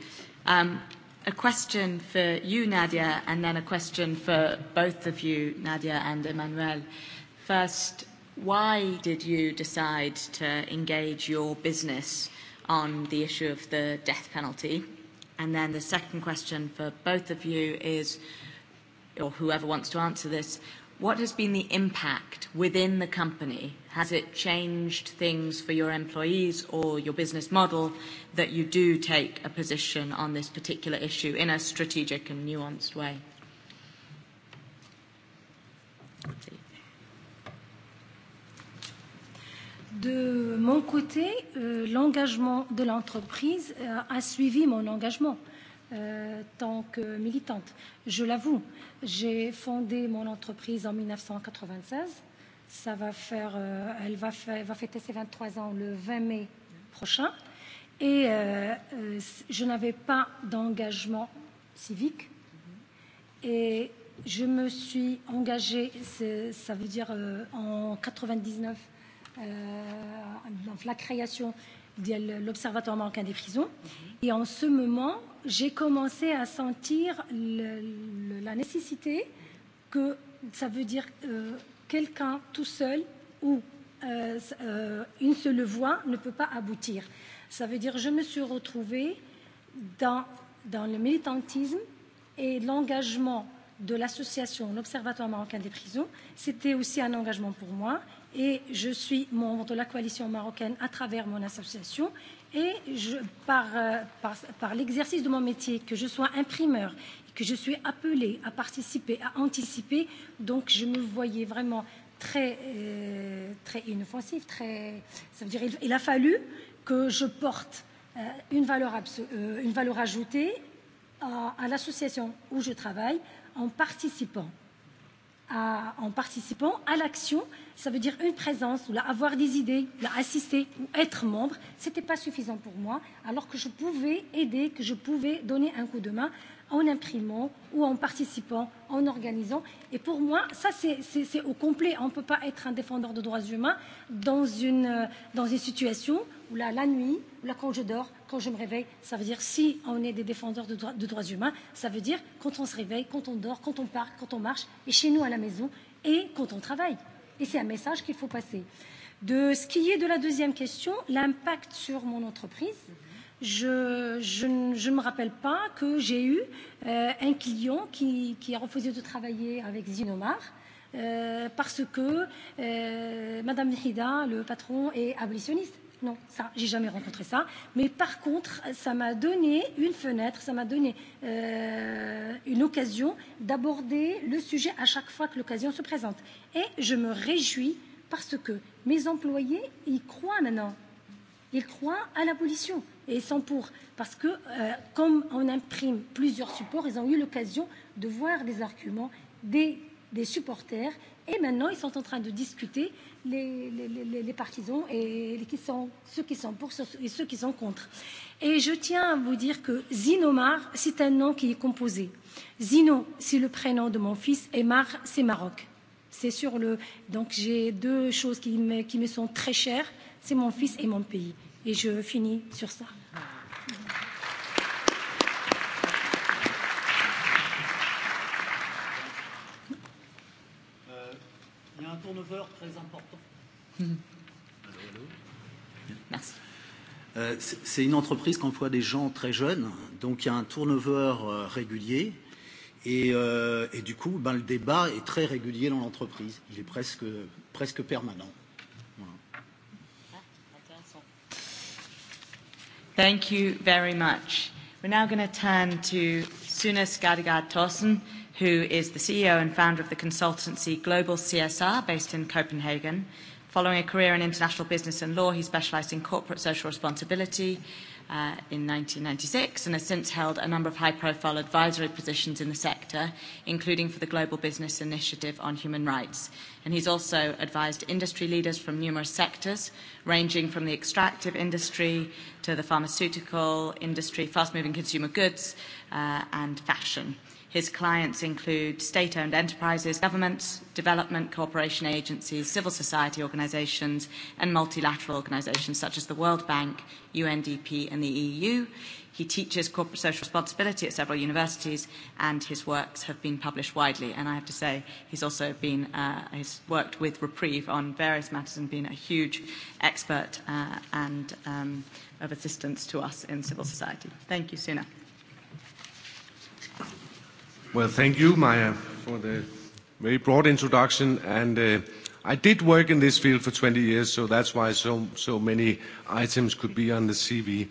Um, a question for you, Nadia, and then a question for both of you, Nadia and Emmanuel. First, why did you decide to engage your business on the issue of the death penalty? And then the second question for both of you is, or whoever wants to answer this, What has been the impact within the company? Has it changed things for your employees or your business model that you do take a position on this particular issue in a strategic and nuanced way? De mon côté, l'engagement de l'entreprise a suivi mon engagement tant que militante. Je l'avoue, j'ai fondé mon entreprise en 1996. Ça va faire, elle va, va fêter ses 23 ans le 20 mai prochain. Et je n'avais pas d'engagement civique. Et je me suis engagée, ça veut dire en 99, dans la création de l'Observatoire marocain des prisons. Et en ce moment, j'ai commencé à sentir la nécessité que ça veut dire quelqu'un tout seul ou une seule voix ne peut pas aboutir. Ça veut dire je me suis retrouvée dans, dans le militantisme et l'engagement de l'association L'Observatoire marocain des prisons. C'était aussi un engagement pour moi et je suis membre de la coalition marocaine à travers mon association et je, par, par, par l'exercice de mon métier, que je sois imprimeur, que je suis appelée à participer, à anticiper, donc je me voyais vraiment très, très inoffensif. très, ça veut dire il a fallu que je porte une valeur, une valeur ajoutée à, à l'association où je travaille en participant en participant à l'action, ça veut dire une présence, ou avoir des idées, ou assister, ou être membre, ce n'était pas suffisant pour moi, alors que je pouvais aider, que je pouvais donner un coup de main en imprimant ou en participant, en organisant. Et pour moi, ça c'est au complet. On ne peut pas être un défendeur de droits humains dans une, dans une situation ou là la nuit ou là quand je dors quand je me réveille ça veut dire si on est des défenseurs de droits de droits humains ça veut dire quand on se réveille quand on dort quand on part quand on marche et chez nous à la maison et quand on travaille et c'est un message qu'il faut passer de ce qui est de la deuxième question l'impact sur mon entreprise je je ne me rappelle pas que j'ai eu un client qui qui a refusé de travailler avec Zinomar parce que Madame Nihida, le patron, est abolitionniste. Non, ça, j'ai jamais rencontré ça. Mais par contre, ça m'a donné une fenêtre, ça m'a donné euh, une occasion d'aborder le sujet à chaque fois que l'occasion se présente. Et je me réjouis parce que mes employés, ils croient maintenant. Ils croient à l'abolition. Et ils sont pour. Parce que comme on imprime plusieurs supports, ils ont eu l'occasion de voir des arguments des, des supporters. Et maintenant, ils sont en train de discuter les, les, les partisans et les qui sont, ceux qui sont pour et ceux qui sont contre. Et je tiens à vous dire que Zinomar, c'est un nom qui est composé. Zino, c'est le prénom de mon fils, et Mar, c'est Maroc. C'est sur le... Donc j'ai deux choses qui me, qui me sont très chères, c'est mon fils et mon pays. Et je finis sur ça. turnover très important. Merci. C'est une entreprise qui emploie des gens très jeunes, donc il y a un turnover régulier. Et, euh, et du coup, ben, le débat est très régulier dans l'entreprise. Il est presque, presque permanent. Thank you very much. We're now going to turn to Suna Tossen, who is the CEO and founder of the consultancy Global CSR based in Copenhagen. Following a career in international business and law, he specialized in corporate social responsibility in 1996 and has since held a number of high-profile advisory positions in the sector, including for the Global Business Initiative on Human Rights. And he's also advised industry leaders from numerous sectors, ranging from the extractive industry to the pharmaceutical industry, fast-moving consumer goods, and fashion. His clients include state-owned enterprises, governments, development cooperation agencies, civil society organisations and multilateral organisations such as the World Bank, UNDP and the EU. He teaches corporate social responsibility at several universities and his works have been published widely. And I have to say he's also been, he's worked with Reprieve on various matters and been a huge expert and of assistance to us in civil society. Thank you, Suna. Well, thank you, Maya, for the very broad introduction. And I did work in this field for 20 years, so that's why so, so many items could be on the CV.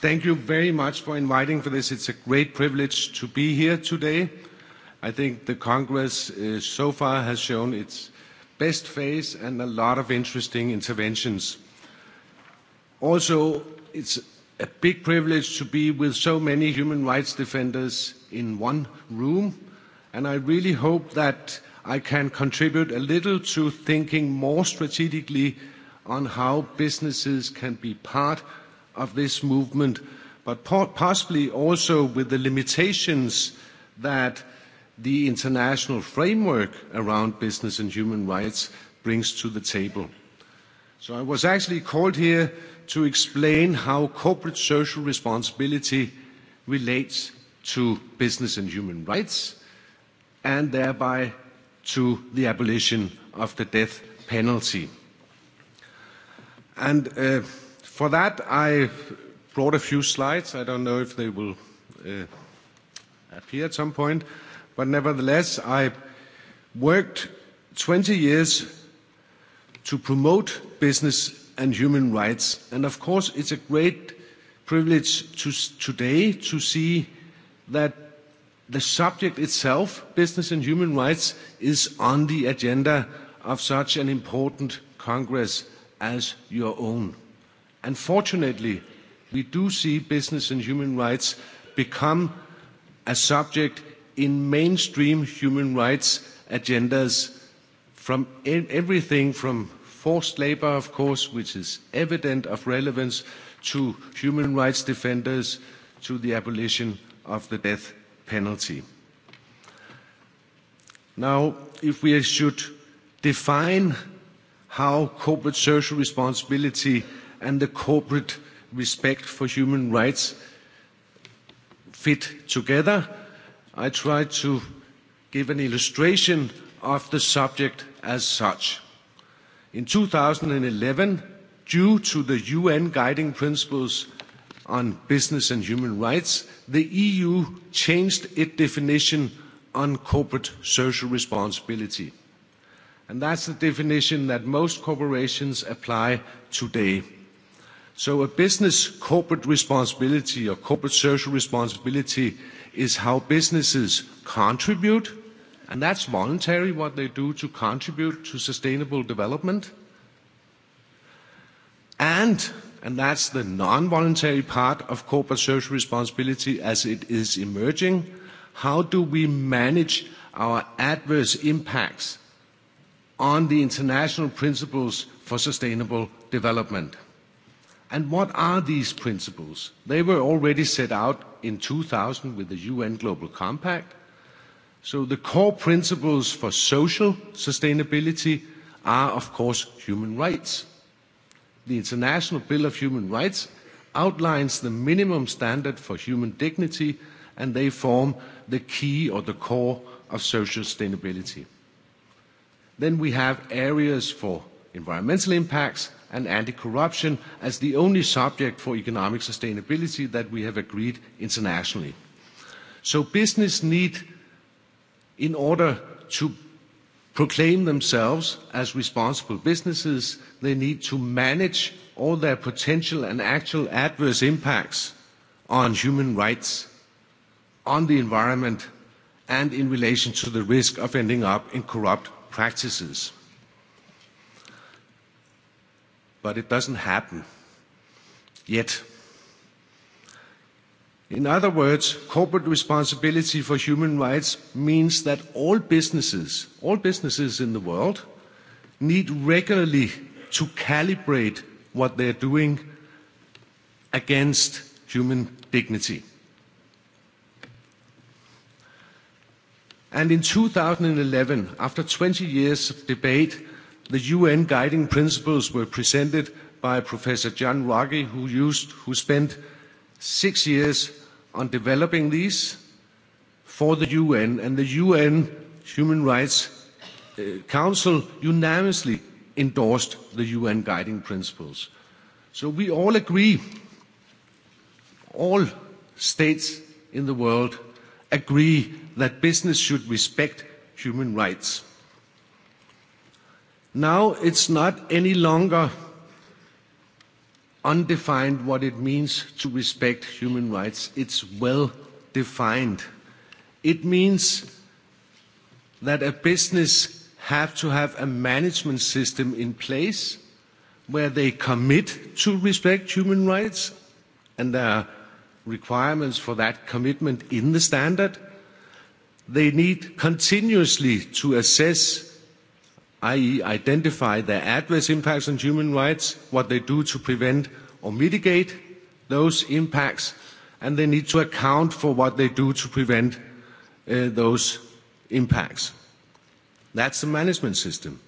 Thank you very much for inviting for this. It's a great privilege to be here today. I think the Congress so far has shown its best face and a lot of interesting interventions. Also, it's a big privilege to be with so many human rights defenders in one room, and I really hope that I can contribute a little to thinking more strategically on how businesses can be part of this movement, but possibly also with the limitations that the international framework around business and human rights brings to the table. So I was actually called here to explain how corporate social responsibility relates to business and human rights, and thereby to the abolition of the death penalty. And for that, I brought a few slides. I don't know if they will appear at some point, but nevertheless, I worked 20 years to promote business and human rights. And of course, it's a great privilege today to see that the subject itself, business and human rights, is on the agenda of such an important Congress as your own. Unfortunately, we do see business and human rights become a subject in mainstream human rights agendas from everything from forced labour, of course, which is evident of relevance to human rights defenders to the abolition of the death penalty. Now, if we should define how corporate social responsibility and the corporate respect for human rights fit together, I try to give an illustration of the subject as such. In 2011, due to the UN Guiding Principles on business and human rights, the EU changed its definition on corporate social responsibility. And that's the definition that most corporations apply today. So a business corporate responsibility or corporate social responsibility is how businesses contribute, and that's voluntary what they do to contribute to sustainable development, and and that's the non-voluntary part of corporate social responsibility as it is emerging. How do we manage our adverse impacts on the international principles for sustainable development? And what are these principles? They were already set out in 2000 with the UN Global Compact. So the core principles for social sustainability are, of course, human rights the International Bill of Human Rights outlines the minimum standard for human dignity, and they form the key or the core of social sustainability. Then we have areas for environmental impacts and anti-corruption as the only subject for economic sustainability that we have agreed internationally. So business need, in order to proclaim themselves as responsible businesses, they need to manage all their potential and actual adverse impacts on human rights, on the environment, and in relation to the risk of ending up in corrupt practices. But it doesn't happen yet in other words corporate responsibility for human rights means that all businesses all businesses in the world need regularly to calibrate what they are doing against human dignity. and in 2011 after 20 years of debate the un guiding principles were presented by professor john ruggie who used who spent six years on developing these for the UN, and the UN Human Rights Council unanimously endorsed the UN Guiding Principles. So we all agree, all states in the world agree that business should respect human rights. Now it's not any longer undefined what it means to respect human rights. It's well defined. It means that a business has to have a management system in place where they commit to respect human rights and there are requirements for that commitment in the standard. They need continuously to assess i.e. identify their adverse impacts on human rights, what they do to prevent or mitigate those impacts, and they need to account for what they do to prevent those impacts. That's the management system.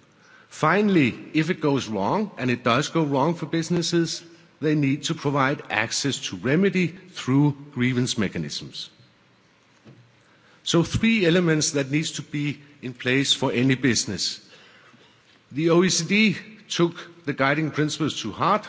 Finally, if it goes wrong, and it does go wrong for businesses, they need to provide access to remedy through grievance mechanisms. So three elements that needs to be in place for any business The OECD took the guiding principles to heart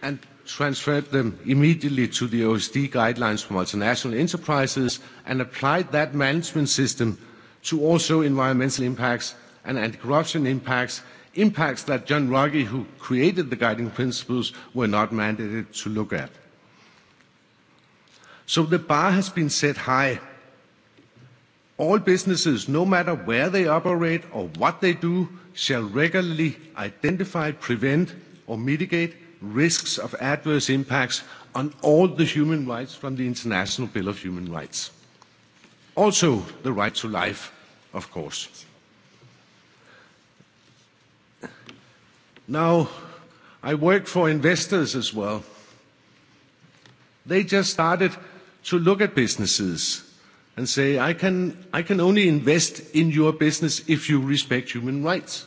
and transferred them immediately to the OECD guidelines for multinational enterprises and applied that management system to also environmental impacts and anti-corruption impacts, impacts that John Ruggie, who created the guiding principles, were not mandated to look at. So the bar has been set high all businesses no matter where they operate or what they do shall regularly identify prevent or mitigate risks of adverse impacts on all the human rights from the international bill of human rights also the right to life of course now i work for investors as well they just started to look at businesses and say, I can only invest in your business if you respect human rights.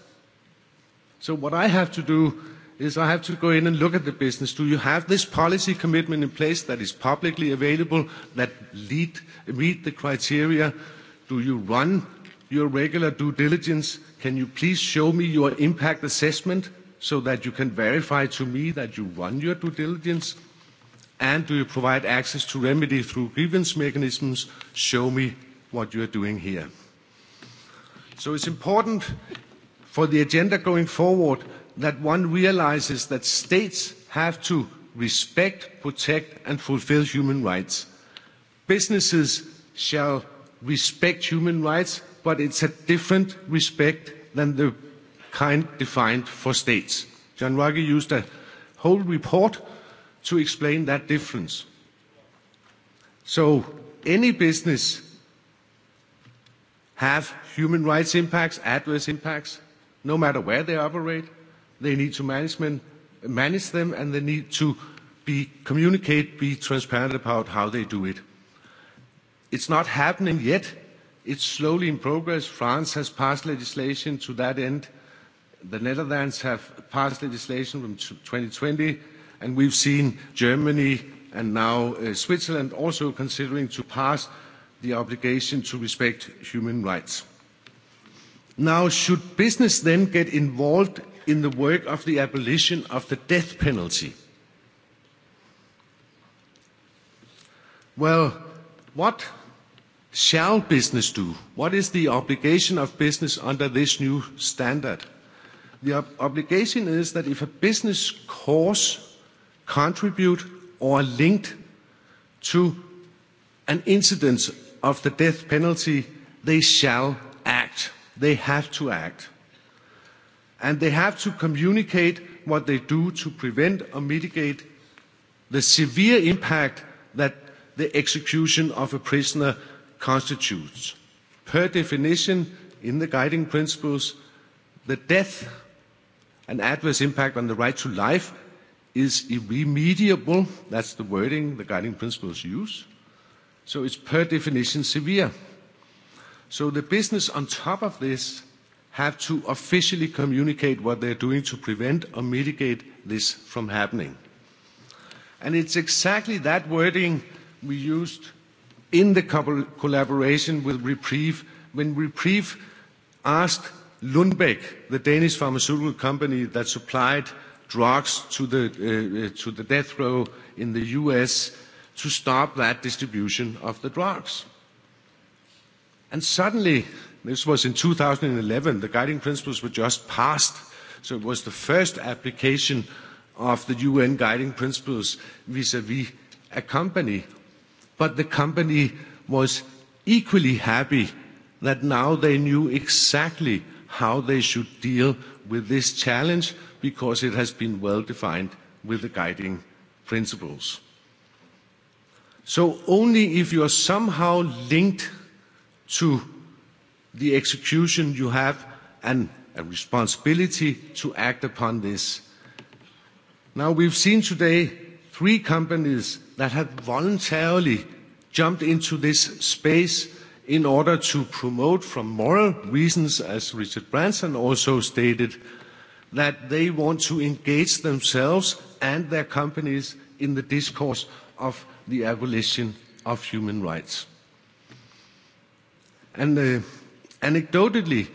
So what I have to do is I have to go in and look at the business. Do you have this policy commitment in place that is publicly available, that meet the criteria? Do you run your regular due diligence? Can you please show me your impact assessment so that you can verify to me that you run your due diligence? and do you provide access to remedy through grievance mechanisms? Show me what you are doing here. So it's important for the agenda going forward that one realises that states have to respect, protect and fulfil human rights. Businesses shall respect human rights, but it's a different respect than the kind defined for states. John Ruggie used a whole report to explain that difference. So any business have human rights impacts, adverse impacts, no matter where they operate. They need to manage them and they need to be communicate, be transparent about how they do it. It's not happening yet. It's slowly in progress. France has passed legislation to that end. The Netherlands have passed legislation from 2020 And we've seen Germany and now Switzerland also considering to pass the obligation to respect human rights. Now, should business then get involved in the work of the abolition of the death penalty? Well, what shall business do? What is the obligation of business under this new standard? The obligation is that if a business cause contribute or linked to an incidence of the death penalty, they shall act. They have to act. And they have to communicate what they do to prevent or mitigate the severe impact that the execution of a prisoner constitutes. Per definition, in the guiding principles, the death, an adverse impact on the right to life, is irremediable. That's the wording the guiding principles use. So it's per definition severe. So the business on top of this have to officially communicate what they're doing to prevent or mitigate this from happening. And it's exactly that wording we used in the collaboration with Reprieve when Reprieve asked Lundbeck, the Danish pharmaceutical company that supplied drugs to the to the death row in the US to stop that distribution of the drugs. And suddenly, this was in 2011, the guiding principles were just passed. So it was the first application of the UN guiding principles vis-à-vis a company. But the company was equally happy that now they knew exactly how they should deal with this challenge because it has been well defined with the guiding principles. So only if you are somehow linked to the execution you have and a responsibility to act upon this. Now we've seen today three companies that have voluntarily jumped into this space in order to promote from moral reasons, as Richard Branson also stated, that they want to engage themselves and their companies in the discourse of the abolition of human rights. And anecdotally,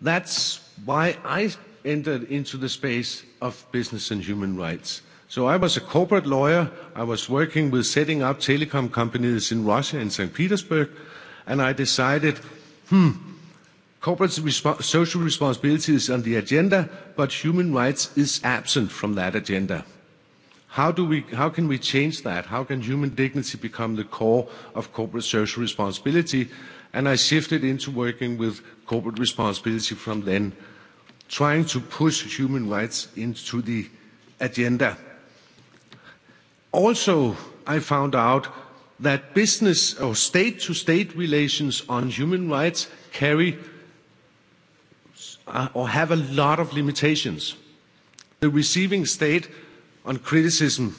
that's why I entered into the space of business and human rights. So I was a corporate lawyer. I was working with setting up telecom companies in Russia and St. Petersburg and I decided, hmm, corporate social responsibility is on the agenda, but human rights is absent from that agenda. How do we how can we change that? How can human dignity become the core of corporate social responsibility? And I shifted into working with corporate responsibility from then, trying to push human rights into the agenda. Also, I found out that business or state to state relations on human rights carry or have a lot of limitations. The receiving state on criticism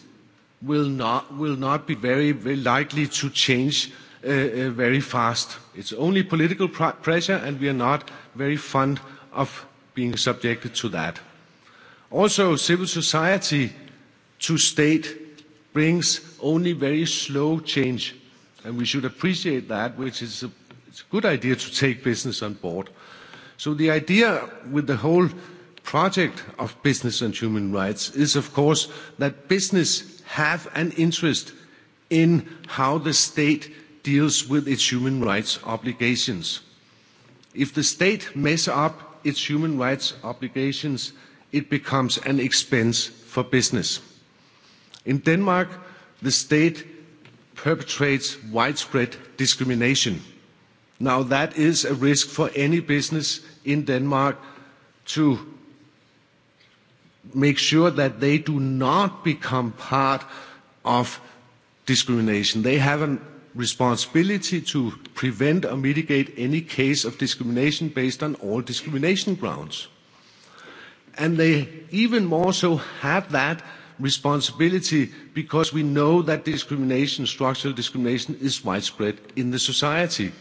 will not will not be very likely to change very fast. It's only political pressure and we are not very fond of being subjected to that. Also civil society to state brings only very slow change. And we should appreciate that, which is a good idea to take business on board. So the idea with the whole project of business and human rights is, of course, that business have an interest in how the state deals with its human rights obligations. If the state messes up its human rights obligations, it becomes an expense for business. In Denmark, the state perpetrates widespread discrimination. Now, that is a risk for any business in Denmark to make sure that they do not become part of discrimination. They have a responsibility to prevent or mitigate any case of discrimination based on all discrimination grounds. And they even more so have that responsibility because we know that discrimination, structural discrimination, is widespread in the society.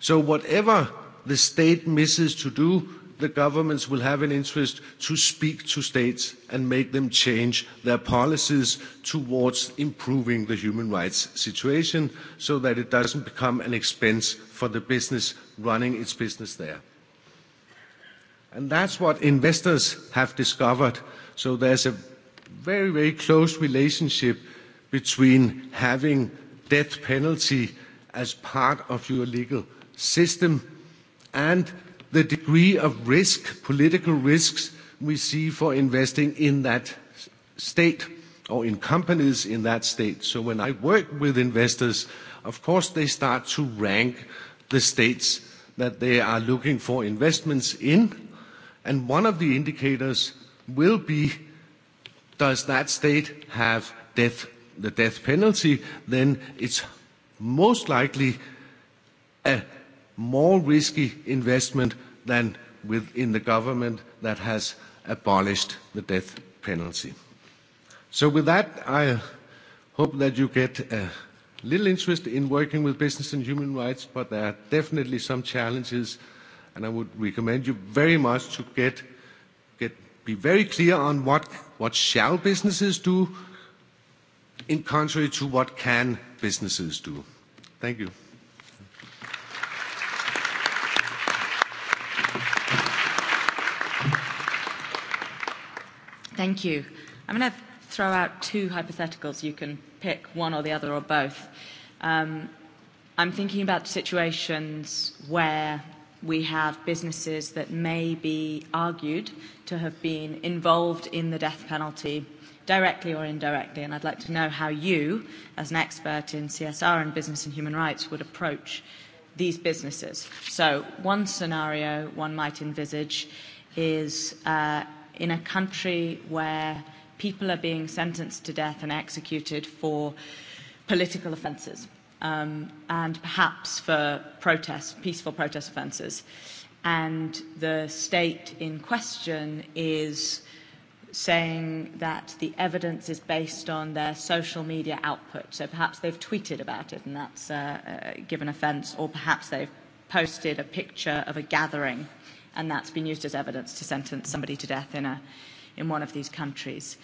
So whatever the state misses to do, the governments will have an interest to speak to states and make them change their policies towards improving the human rights situation so that it doesn't become an expense for the business running its business there. And that's what investors have discovered. So there's a very, very close relationship between having death penalty as part of your legal system and the degree of risk, political risks we see for investing in that state or in companies in that state. So when I work with investors, of course they start to rank the states that they are looking for investments in. And one of the indicators will be does that state have death the death penalty, then it's most likely a more risky investment than within the government that has abolished the death penalty. So with that, I hope that you get a little interest in working with business and human rights, but there are definitely some challenges, and I would recommend you very much to get be very clear on what what shall businesses do in contrary to what can businesses do. Thank you. Thank you. I'm going to throw out two hypotheticals. You can pick one or the other or both. Um, I'm thinking about situations where we have businesses that may be argued to have been involved in the death penalty directly or indirectly, and I'd like to know how you, as an expert in CSR and business and human rights, would approach these businesses. So one scenario one might envisage is in a country where people are being sentenced to death and executed for political offences um, and perhaps for protest, peaceful protest offences. And the state in question is saying that the evidence is based on their social media output. So perhaps they've tweeted about it and that's uh, given offence, or perhaps they've posted a picture of a gathering and that's been used as evidence to sentence somebody to death in, a, in one of these countries.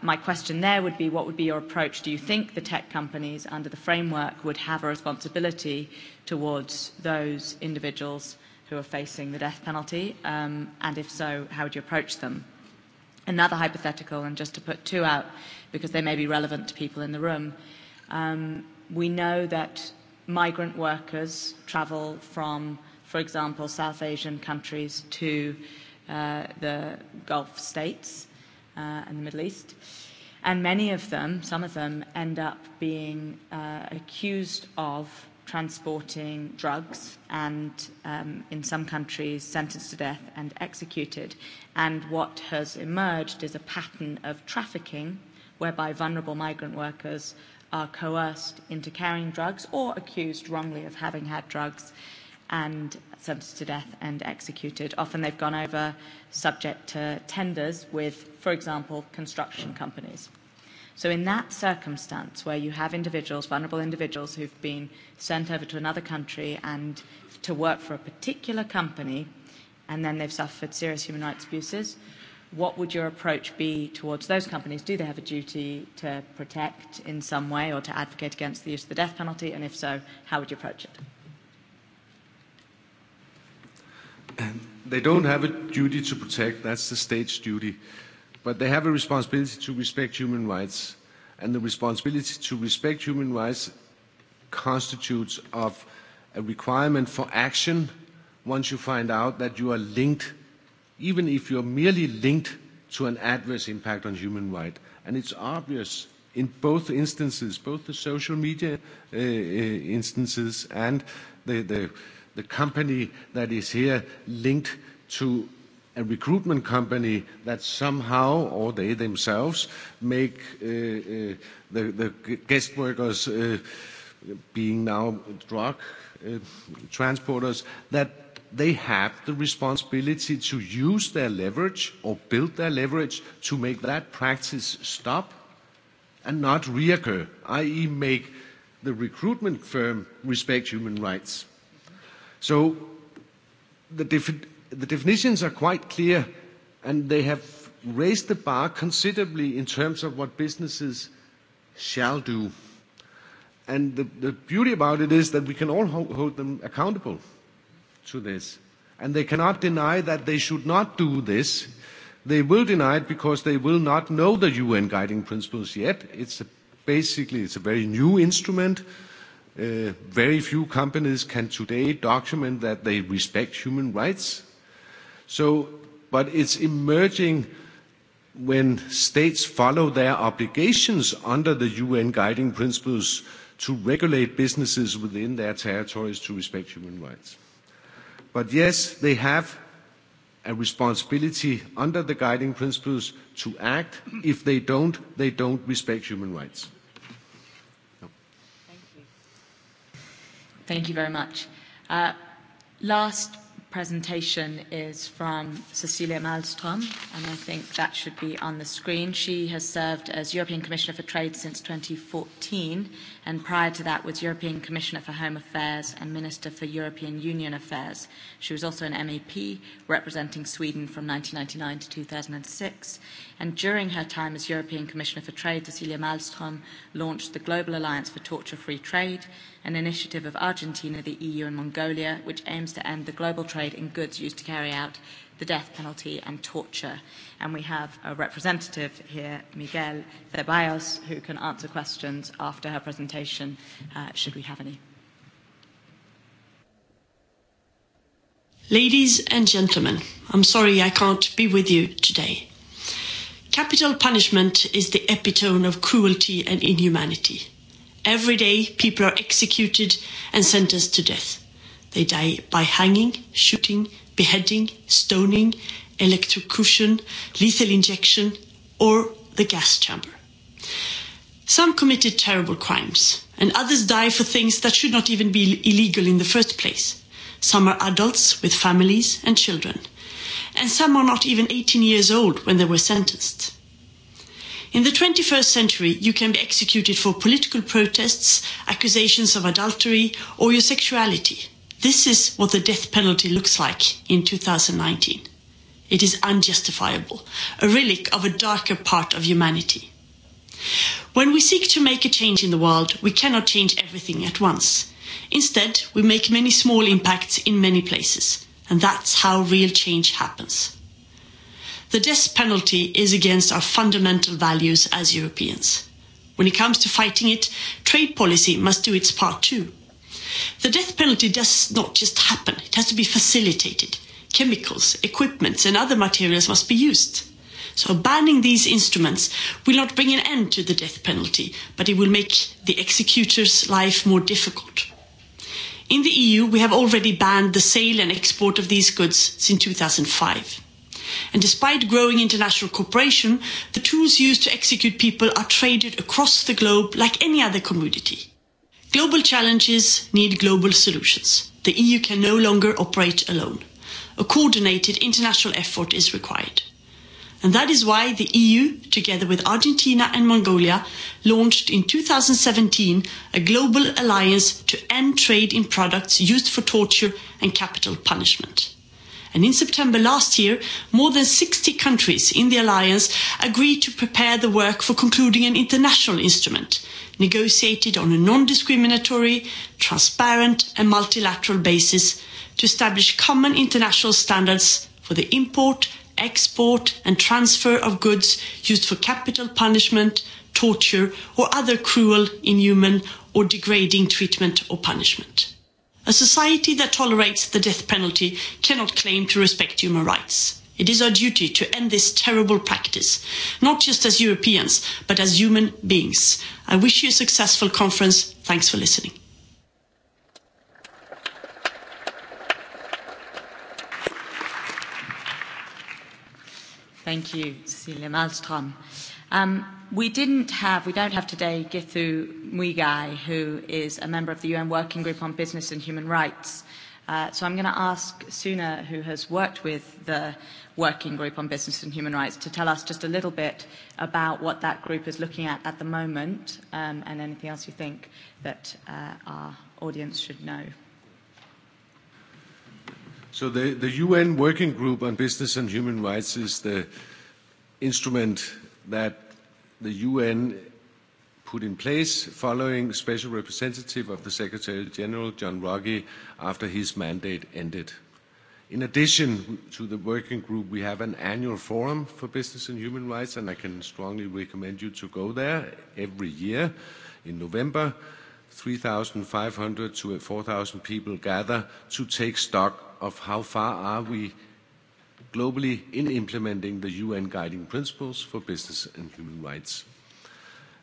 My question there would be, what would be your approach? Do you think the tech companies under the framework would have a responsibility towards those individuals who are facing the death penalty? And if so, how would you approach them? Another hypothetical, and just to put two out, because they may be relevant to people in the room. We know that migrant workers travel from, for example, South Asian countries to the Gulf states and the Middle East. And many of them, some of them, end up being accused of transporting drugs and, in some countries, sentenced to death and executed. And what has emerged is a pattern of trafficking whereby vulnerable migrant workers are coerced into carrying drugs or accused wrongly of having had drugs and sentenced to death and executed. Often they've gone over subject to tenders with, for example, construction companies. So in that circumstance where you have individuals, vulnerable individuals who've been sent over to another country and to work for a particular company and then they've suffered serious human rights abuses, what would your approach be towards those companies? Do they have a duty to protect in some way or to advocate against the use of the death penalty? And if so, how would you approach it? They don't have a duty to protect, that's the state's duty, but they have a responsibility to respect human rights, and the responsibility to respect human rights constitutes of a requirement for action once you find out that you are linked, even if you are merely linked to an adverse impact on human rights. And it's obvious in both instances, both the social media instances and the the company that is here linked to a recruitment company that somehow, or they themselves, make the guest workers being now drug transporters, that they have the responsibility to use their leverage or build their leverage to make that practice stop and not reoccur, i.e. make the recruitment firm respect human rights. So the definitions are quite clear, and they have raised the bar considerably in terms of what businesses shall do. And the beauty about it is that we can all hold them accountable to this. And they cannot deny that they should not do this. They will deny it because they will not know the UN guiding principles yet. It's basically it's a very new instrument. Very few companies can today document that they respect human rights. So, but it's emerging when states follow their obligations under the UN guiding principles to regulate businesses within their territories to respect human rights. But yes, they have a responsibility under the guiding principles to act. If they don't, they don't respect human rights. Thank you very much. Last presentation is from Cecilia Malmström, and I think that should be on the screen. She has served as European Commissioner for Trade since 2014 and prior to that was European Commissioner for Home Affairs and Minister for European Union Affairs. She was also an MEP representing Sweden from 1999 to 2006, and during her time as European Commissioner for Trade, Cecilia Malmström launched the Global Alliance for Torture-Free Trade, an initiative of Argentina, the EU, and Mongolia, which aims to end the global trade in goods used to carry out the death penalty and torture. And we have a representative here, Miguel Ceballos, who can answer questions after her presentation, should we have any. Ladies and gentlemen, I'm sorry I can't be with you today. Capital punishment is the epitome of cruelty and inhumanity. Every day people are executed and sentenced to death. They die by hanging, shooting, beheading, stoning, electrocution, lethal injection, or the gas chamber. Some committed terrible crimes, and others die for things that should not even be illegal in the first place. Some are adults with families and children, and some are not even 18 years old when they were sentenced. In the 21st century, you can be executed for political protests, accusations of adultery, or your sexuality This is what the death penalty looks like in 2019. It is unjustifiable, a relic of a darker part of humanity. When we seek to make a change in the world, we cannot change everything at once. Instead, we make many small impacts in many places, and that's how real change happens. The death penalty is against our fundamental values as Europeans. When it comes to fighting it, trade policy must do its part too the death penalty does not just happen it has to be facilitated chemicals equipment and other materials must be used so banning these instruments will not bring an end to the death penalty but it will make the executor's life more difficult in the eu we have already banned the sale and export of these goods since 2005 and despite growing international cooperation the tools used to execute people are traded across the globe like any other commodity Global challenges need global solutions. The EU can no longer operate alone. A coordinated international effort is required. And that is why the EU, together with Argentina and Mongolia, launched in 2017 a global alliance to end trade in products used for torture and capital punishment. And in September last year, more than 60 countries in the alliance agreed to prepare the work for concluding an international instrument negotiated on a non-discriminatory, transparent and multilateral basis to establish common international standards for the import, export and transfer of goods used for capital punishment, torture or other cruel, inhuman or degrading treatment or punishment. A society that tolerates the death penalty cannot claim to respect human rights it is our duty to end this terrible practice not just as europeans but as human beings. i wish you a successful conference. thanks for listening. Thank you, Cecilia Malmström. Um, we didn't have, we don't have today Githu Muigai, who is a member of the UN Working Group on Business and Human Rights. Uh, so I'm going to ask Suna, who has worked with the working group on business and human rights to tell us just a little bit about what that group is looking at at the moment and anything else you think that our audience should know. So the, the UN Working Group on Business and Human Rights is the instrument that the UN put in place following Special Representative of the Secretary General John Ruggie after his mandate ended. In addition to the working group, we have an annual forum for business and human rights, and I can strongly recommend you to go there every year in November. 3,500 to 4,000 people gather to take stock of how far are we globally in implementing the UN guiding principles for business and human rights.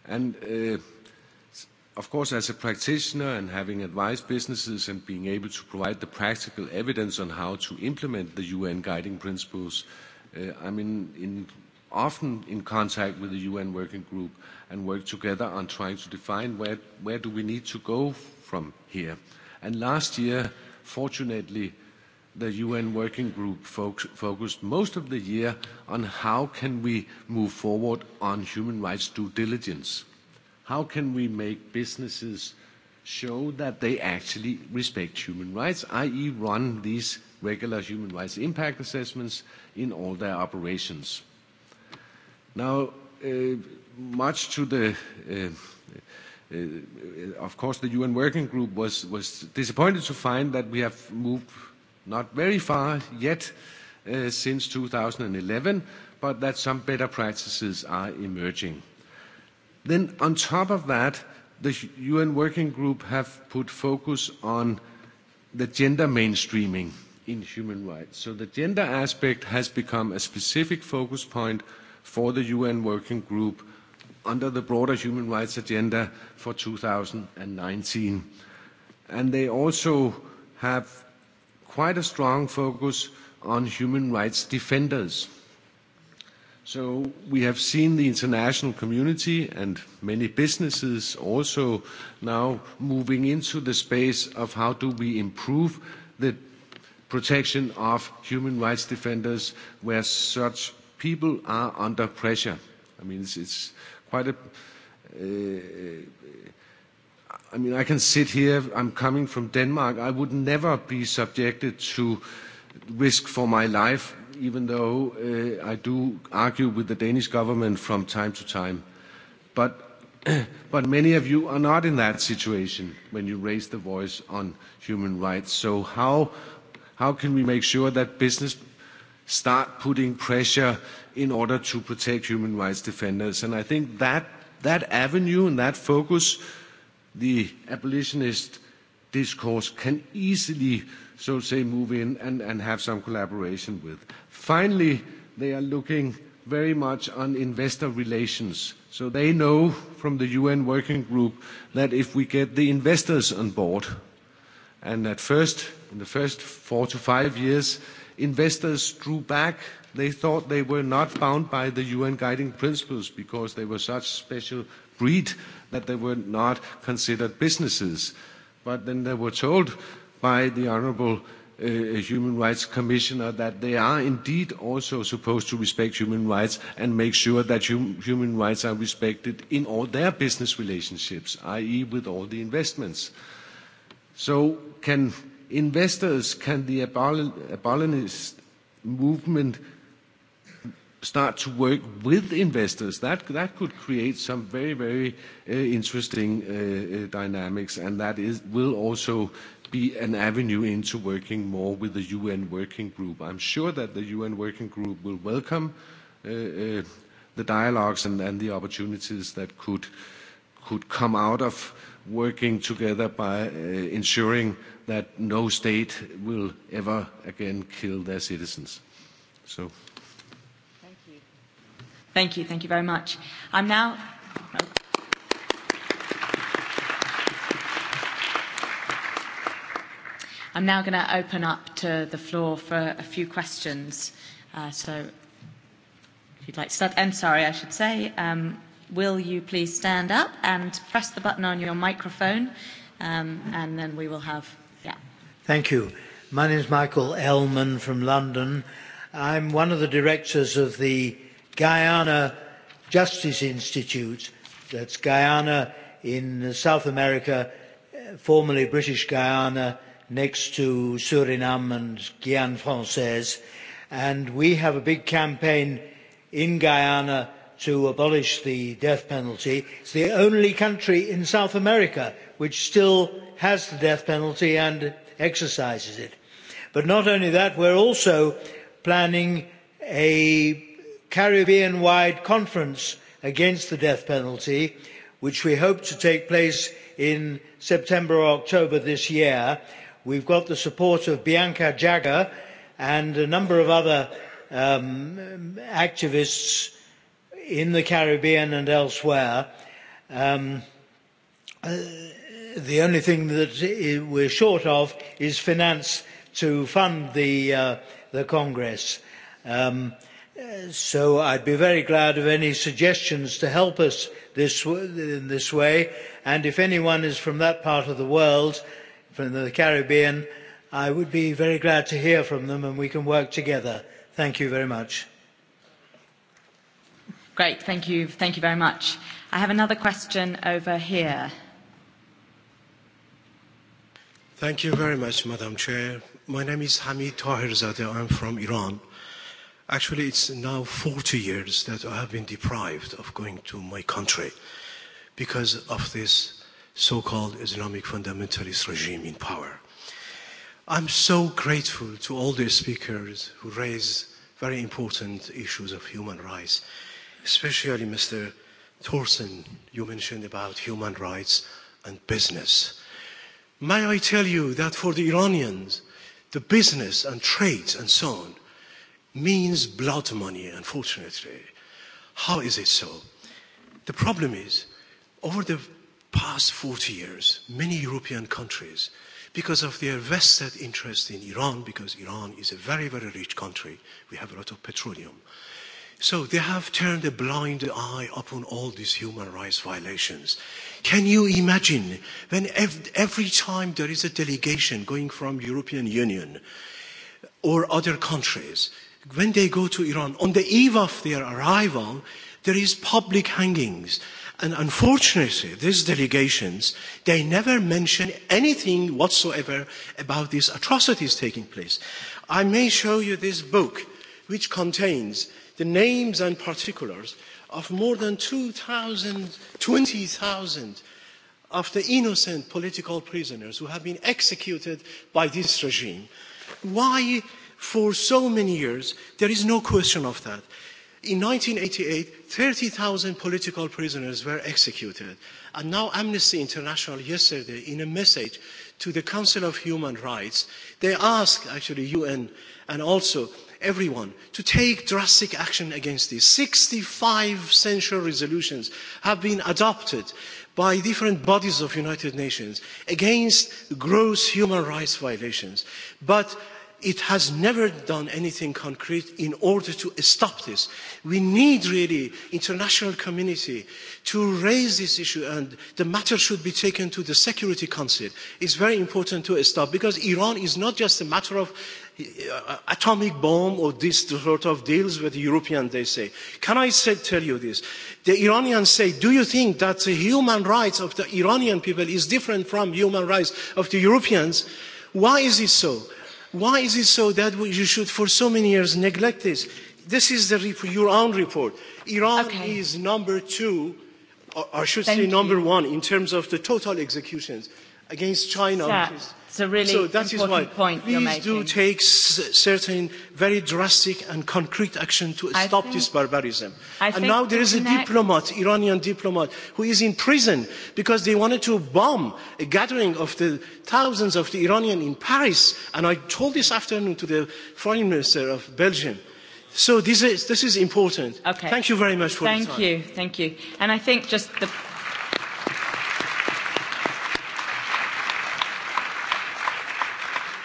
And Of course, as a practitioner and having advised businesses and being able to provide the practical evidence on how to implement the UN guiding principles, I'm in often in contact with the UN working group and work together on trying to define where where do we need to go from here. And last year, fortunately, the UN working group focused most of the year on how can we move forward on human rights due diligence How can we make businesses show that they actually respect human rights, i.e. run these regular human rights impact assessments in all their operations? Now, much to the of course the UN working group was was disappointed to find that we have moved not very far yet since 2011 but that some better practices are emerging Then on top of that, the UN Working Group have put focus on the gender mainstreaming in human rights. So the gender aspect has become a specific focus point for the UN Working Group under the broader human rights agenda for 2019. And they also have quite a strong focus on human rights defenders So we have seen the international community and many businesses also now moving into the space of how do we improve the protection of human rights defenders where such people are under pressure. I mean, it's quite a... I mean, I can sit here, I'm coming from Denmark, I would never be subjected to risk for my life even though I do argue with the Danish government from time to time. But many of you are not in that situation when you raise the voice on human rights. So how can we make sure that business start putting pressure in order to protect human rights defenders? And I think that avenue and that focus, the abolitionist discourse can easily so say move in and, and have some collaboration with. Finally, they are looking very much on investor relations. So they know from the UN working group that if we get the investors on board, and at first, in the first four to five years, investors drew back. They thought they were not bound by the UN guiding principles because they were such special breed that they were not considered businesses. But then they were told by the Honourable Human Rights Commissioner that they are indeed also supposed to respect human rights and make sure that human rights are respected in all their business relationships, i.e. with all the investments. So can investors, can the abolitionist movement start to work with investors? That that could create some very, very interesting dynamics, and that is will also be an avenue into working more with the UN working group. I'm sure that the UN working group will welcome the dialogues and the opportunities that could could come out of working together by ensuring that no state will ever again kill their citizens. So. Thank you. Thank you. Thank you very much. I'm now. I'm now going to open up to the floor for a few questions. So if you'd like to start, I'm sorry, I should say, will you please stand up and press the button on your microphone, and then we will have, yeah. Thank you. My name is Michael Ellman from London. I'm one of the directors of the Guyana Justice Institute. That's Guyana in South America, formerly British Guyana next to Suriname and Guyane Francaise. And we have a big campaign in Guyana to abolish the death penalty. It's the only country in South America which still has the death penalty and exercises it. But not only that, we're also planning a Caribbean-wide conference against the death penalty, which we hope to take place in September or October this year We've got the support of Bianca Jagger and a number of other activists in the Caribbean and elsewhere. The only thing that we're short of is finance to fund the Congress. So I'd be very glad of any suggestions to help us in this way. And if anyone is from that part of the world, from the Caribbean, I would be very glad to hear from them and we can work together. Thank you very much. Great, thank you. Thank you very much. I have another question over here. Thank you very much, Madam Chair. My name is Hamid Tahirzadeh. I'm from Iran. Actually, it's now 40 years that I have been deprived of going to my country because of this so called Islamic fundamentalist regime in power. I'm so grateful to all the speakers who raise very important issues of human rights, especially Mr. Thorson, you mentioned about human rights and business. May I tell you that for the Iranians, the business and trade and so on means blood money, unfortunately. How is it so? The problem is, over the past 40 years, many European countries, because of their vested interest in Iran, because Iran is a very, very rich country, we have a lot of petroleum. So they have turned a blind eye upon all these human rights violations. Can you imagine when every time there is a delegation going from European Union or other countries, when they go to Iran, on the eve of their arrival, there is public hangings. And unfortunately, these delegations, they never mention anything whatsoever about these atrocities taking place. I may show you this book, which contains the names and particulars of more than 2,000, 20,000 of the innocent political prisoners who have been executed by this regime. Why, for so many years, there is no question of that. In 1988, 30,000 political prisoners were executed. And now Amnesty International yesterday, in a message to the Council of Human Rights, they asked actually UN and also everyone to take drastic action against this. 65 censure resolutions have been adopted by different bodies of United Nations against gross human rights violations. But it has never done anything concrete in order to stop this. We need really international community to raise this issue and the matter should be taken to the Security Council. It's very important to stop because Iran is not just a matter of atomic bomb or this sort of deals with the European, they say. Can I say, tell you this? The Iranians say, do you think that the human rights of the Iranian people is different from human rights of the Europeans? Why is it so? Why is it so that you should, for so many years, neglect this? This is the your own report. Iran is number two, or I should say number one, in terms of the total executions against China. It's a really so that important is why point please do take certain very drastic and concrete action to stop this barbarism. and now there is a diplomat, Iranian diplomat, who is in prison because they wanted to bomb a gathering of the thousands of the Iranian in Paris. And I told this afternoon to the foreign minister of Belgium. So this is, this is important. Okay. Thank you very much for Thank you. Thank you. And I think just the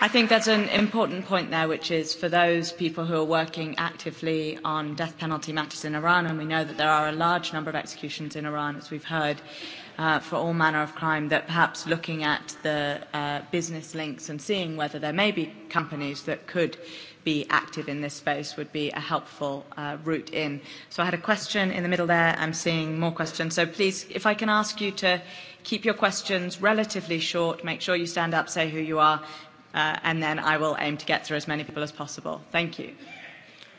I think that's an important point there, which is for those people who are working actively on death penalty matters in Iran, and we know that there are a large number of executions in Iran, as we've heard, for all manner of crime, that perhaps looking at the business links and seeing whether there may be companies that could be active in this space would be a helpful route in. So I had a question in the middle there. I'm seeing more questions. So please, if I can ask you to keep your questions relatively short, make sure you stand up, say who you are, and then I will aim to get through as many people as possible. Thank you.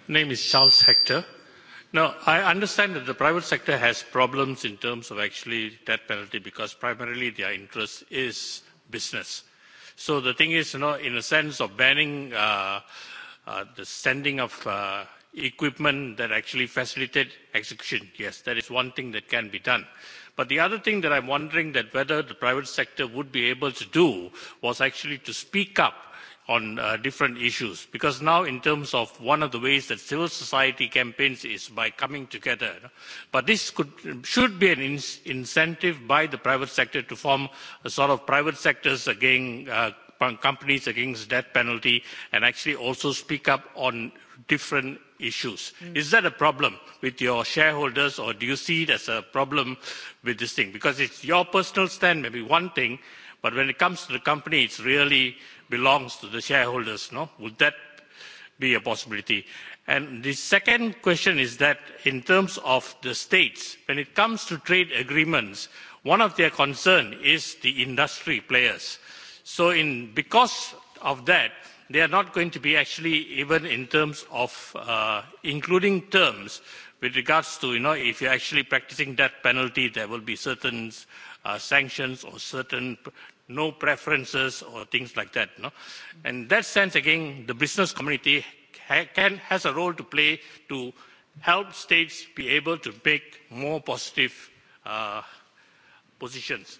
Name is Charles Hector. Now, I understand that the private sector has problems in terms of actually debt penalty because primarily their interest is business. So the thing is, you know, in a sense of banning the sending of equipment that actually facilitate execution, yes, that is one thing that can be done. But the other thing that I'm wondering that whether the private sector would be able to do was actually to speak up on different issues because now in terms of one of the ways that civil society campaigns is by coming together but this could should be an incentive by the private sector to form a sort of private sectors against companies against death penalty and actually also speak up on different issues. Is that a problem with your shareholders or do you see it as a problem with this thing? Because it's your personal stand, maybe one thing, but when it comes to the company, it really belongs to the shareholders. No? Would that be a possibility? And the second question is that in terms of the states, when it comes to trade agreements, one of their concern is the industry players. So in because of that, they are not going to be actually even in terms of including terms with regards to, you know, if you're actually practicing that penalty, there will be certain sanctions or certain no preferences or things like that. And in that sense, again, the business community can has a role to play to help states be able to make more positive positions.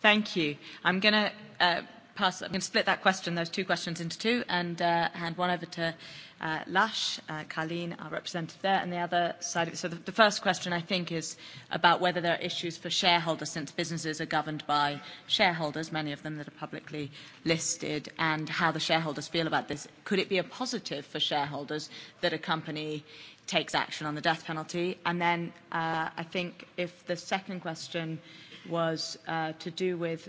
Thank you. I'm going to pass. I'm going to split that question, those two questions, into two, and uh, hand one over to uh, Lash, uh, our representative there, and the other side of it. So the, the first question, I think, is about whether there are issues for shareholders, since businesses are governed by shareholders, many of them that are publicly listed, and how the shareholders feel about this. Could it be a positive for shareholders that a company takes action on the death penalty? And then uh, I think if the second question was to do with,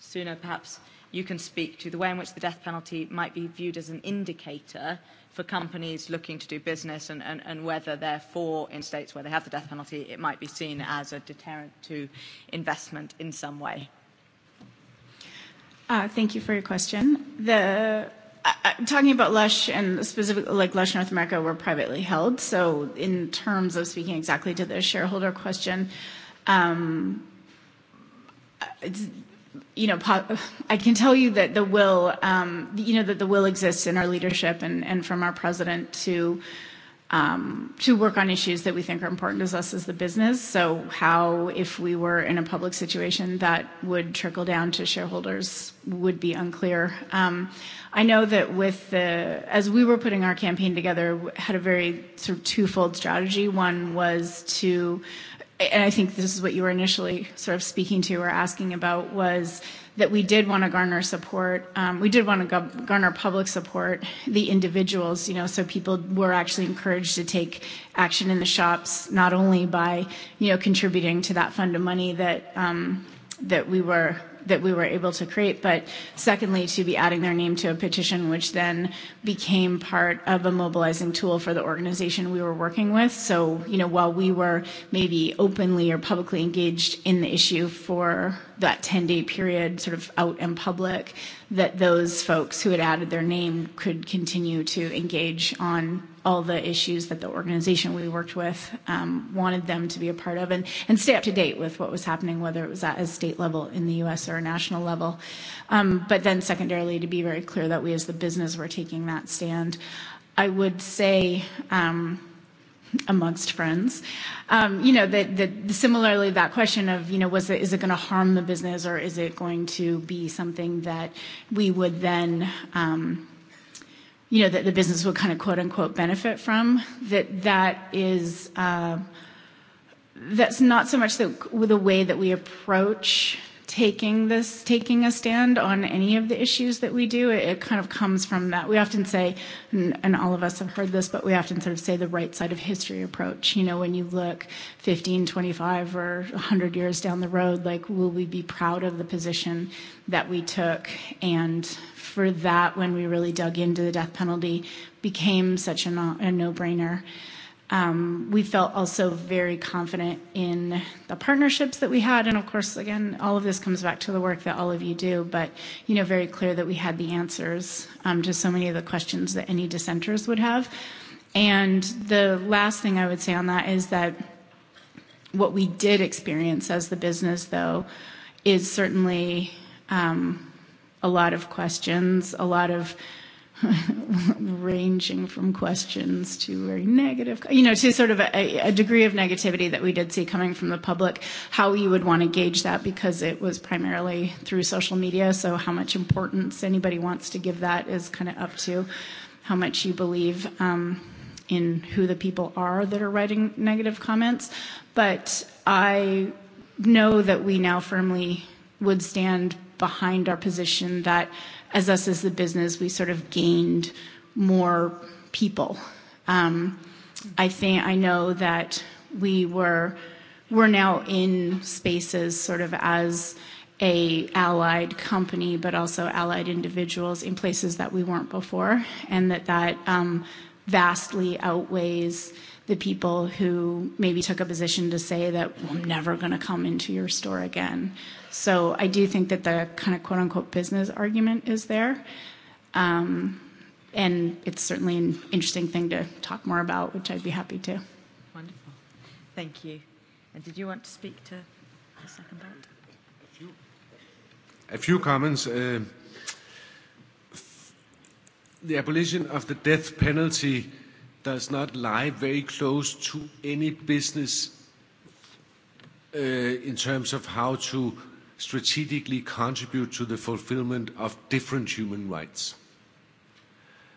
sooner, perhaps you can speak to, the way in which the death penalty might be viewed as an indicator for companies looking to do business and, and, and whether therefore in states where they have the death penalty it might be seen as a deterrent to investment in some way. Uh, thank you for your question. The talking about Lush and specifically like Lush North America, we're privately held. So in terms of speaking exactly to the shareholder question, you know, I can tell you that the will, um, you know, that the will exists in our leadership and, and from our president to um, to work on issues that we think are important to us as the business. So how, if we were in a public situation, that would trickle down to shareholders would be unclear. Um, I know that with the, as we were putting our campaign together, had a very sort of twofold strategy. One was to and I think this is what you were initially sort of speaking to or asking about was that we did want to garner support. Um, we did want to garner public support, the individuals, you know, so people were actually encouraged to take action in the shops, not only by, you know, contributing to that fund of money that, um, that we were that we were able to create, but secondly, to be adding their name to a petition, which then became part of a mobilizing tool for the organization we were working with. So, you know, while we were maybe openly or publicly engaged in the issue for that 10 day period sort of out in public that those folks who had added their name could continue to engage on all the issues that the organization we worked with wanted them to be a part of and and stay up to date with what was happening whether it was at a state level in the US or a national level but then secondarily to be very clear that we as the business were taking that stand I would say um amongst friends. Um, you know, that, similarly that question of, you know, was it, is it going to harm the business or is it going to be something that we would then, um, you know, that the business would kind of quote unquote benefit from, that that is, uh, that's not so much the, the way that we approach taking this taking a stand on any of the issues that we do it kind of comes from that we often say and all of us have heard this but we often sort of say the right side of history approach you know when you look 15 25 or 100 years down the road like will we be proud of the position that we took and for that when we really dug into the death penalty became such a no brainer We felt also very confident in the partnerships that we had. And of course, again, all of this comes back to the work that all of you do, but you know, very clear that we had the answers to so many of the questions that any dissenters would have. And the last thing I would say on that is that what we did experience as the business, though, is certainly a lot of questions, a lot of ranging from questions to very negative, you know, to sort of a, degree of negativity that we did see coming from the public, how you would want to gauge that because it was primarily through social media. So, how much importance anybody wants to give that is kind of up to how much you believe um, in who the people are that are writing negative comments. But I know that we now firmly would stand behind our position that as us as the business, we sort of gained more people. I think I know that we we're we're now in spaces sort of as a allied company, but also allied individuals in places that we weren't before, and that vastly outweighs the people who maybe took a position to say that I'm never going to come into your store again. So I do think that the kind of quote unquote business argument is there. Um, and it's certainly an interesting thing to talk more about, which I'd be happy to. Wonderful. Thank you. And did you want to speak to the second part? A few, a few comments. the abolition of the death penalty does not lie very close to any business in terms of how to strategically contribute to the fulfillment of different human rights.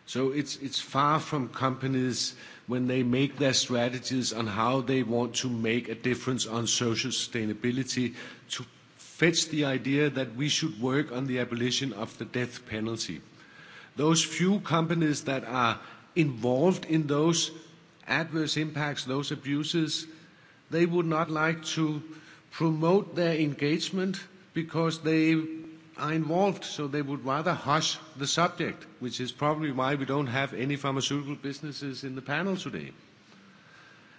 So it's it's far from companies when they make their strategies on how they want to make a difference on social sustainability to fetch the idea that we should work on the abolition of the death penalty. Those few companies that are involved in those adverse impacts, those abuses, they would not like to promote their engagement because they are involved, so they would rather hush the subject, which is probably why we don't have any pharmaceutical businesses in the panel today.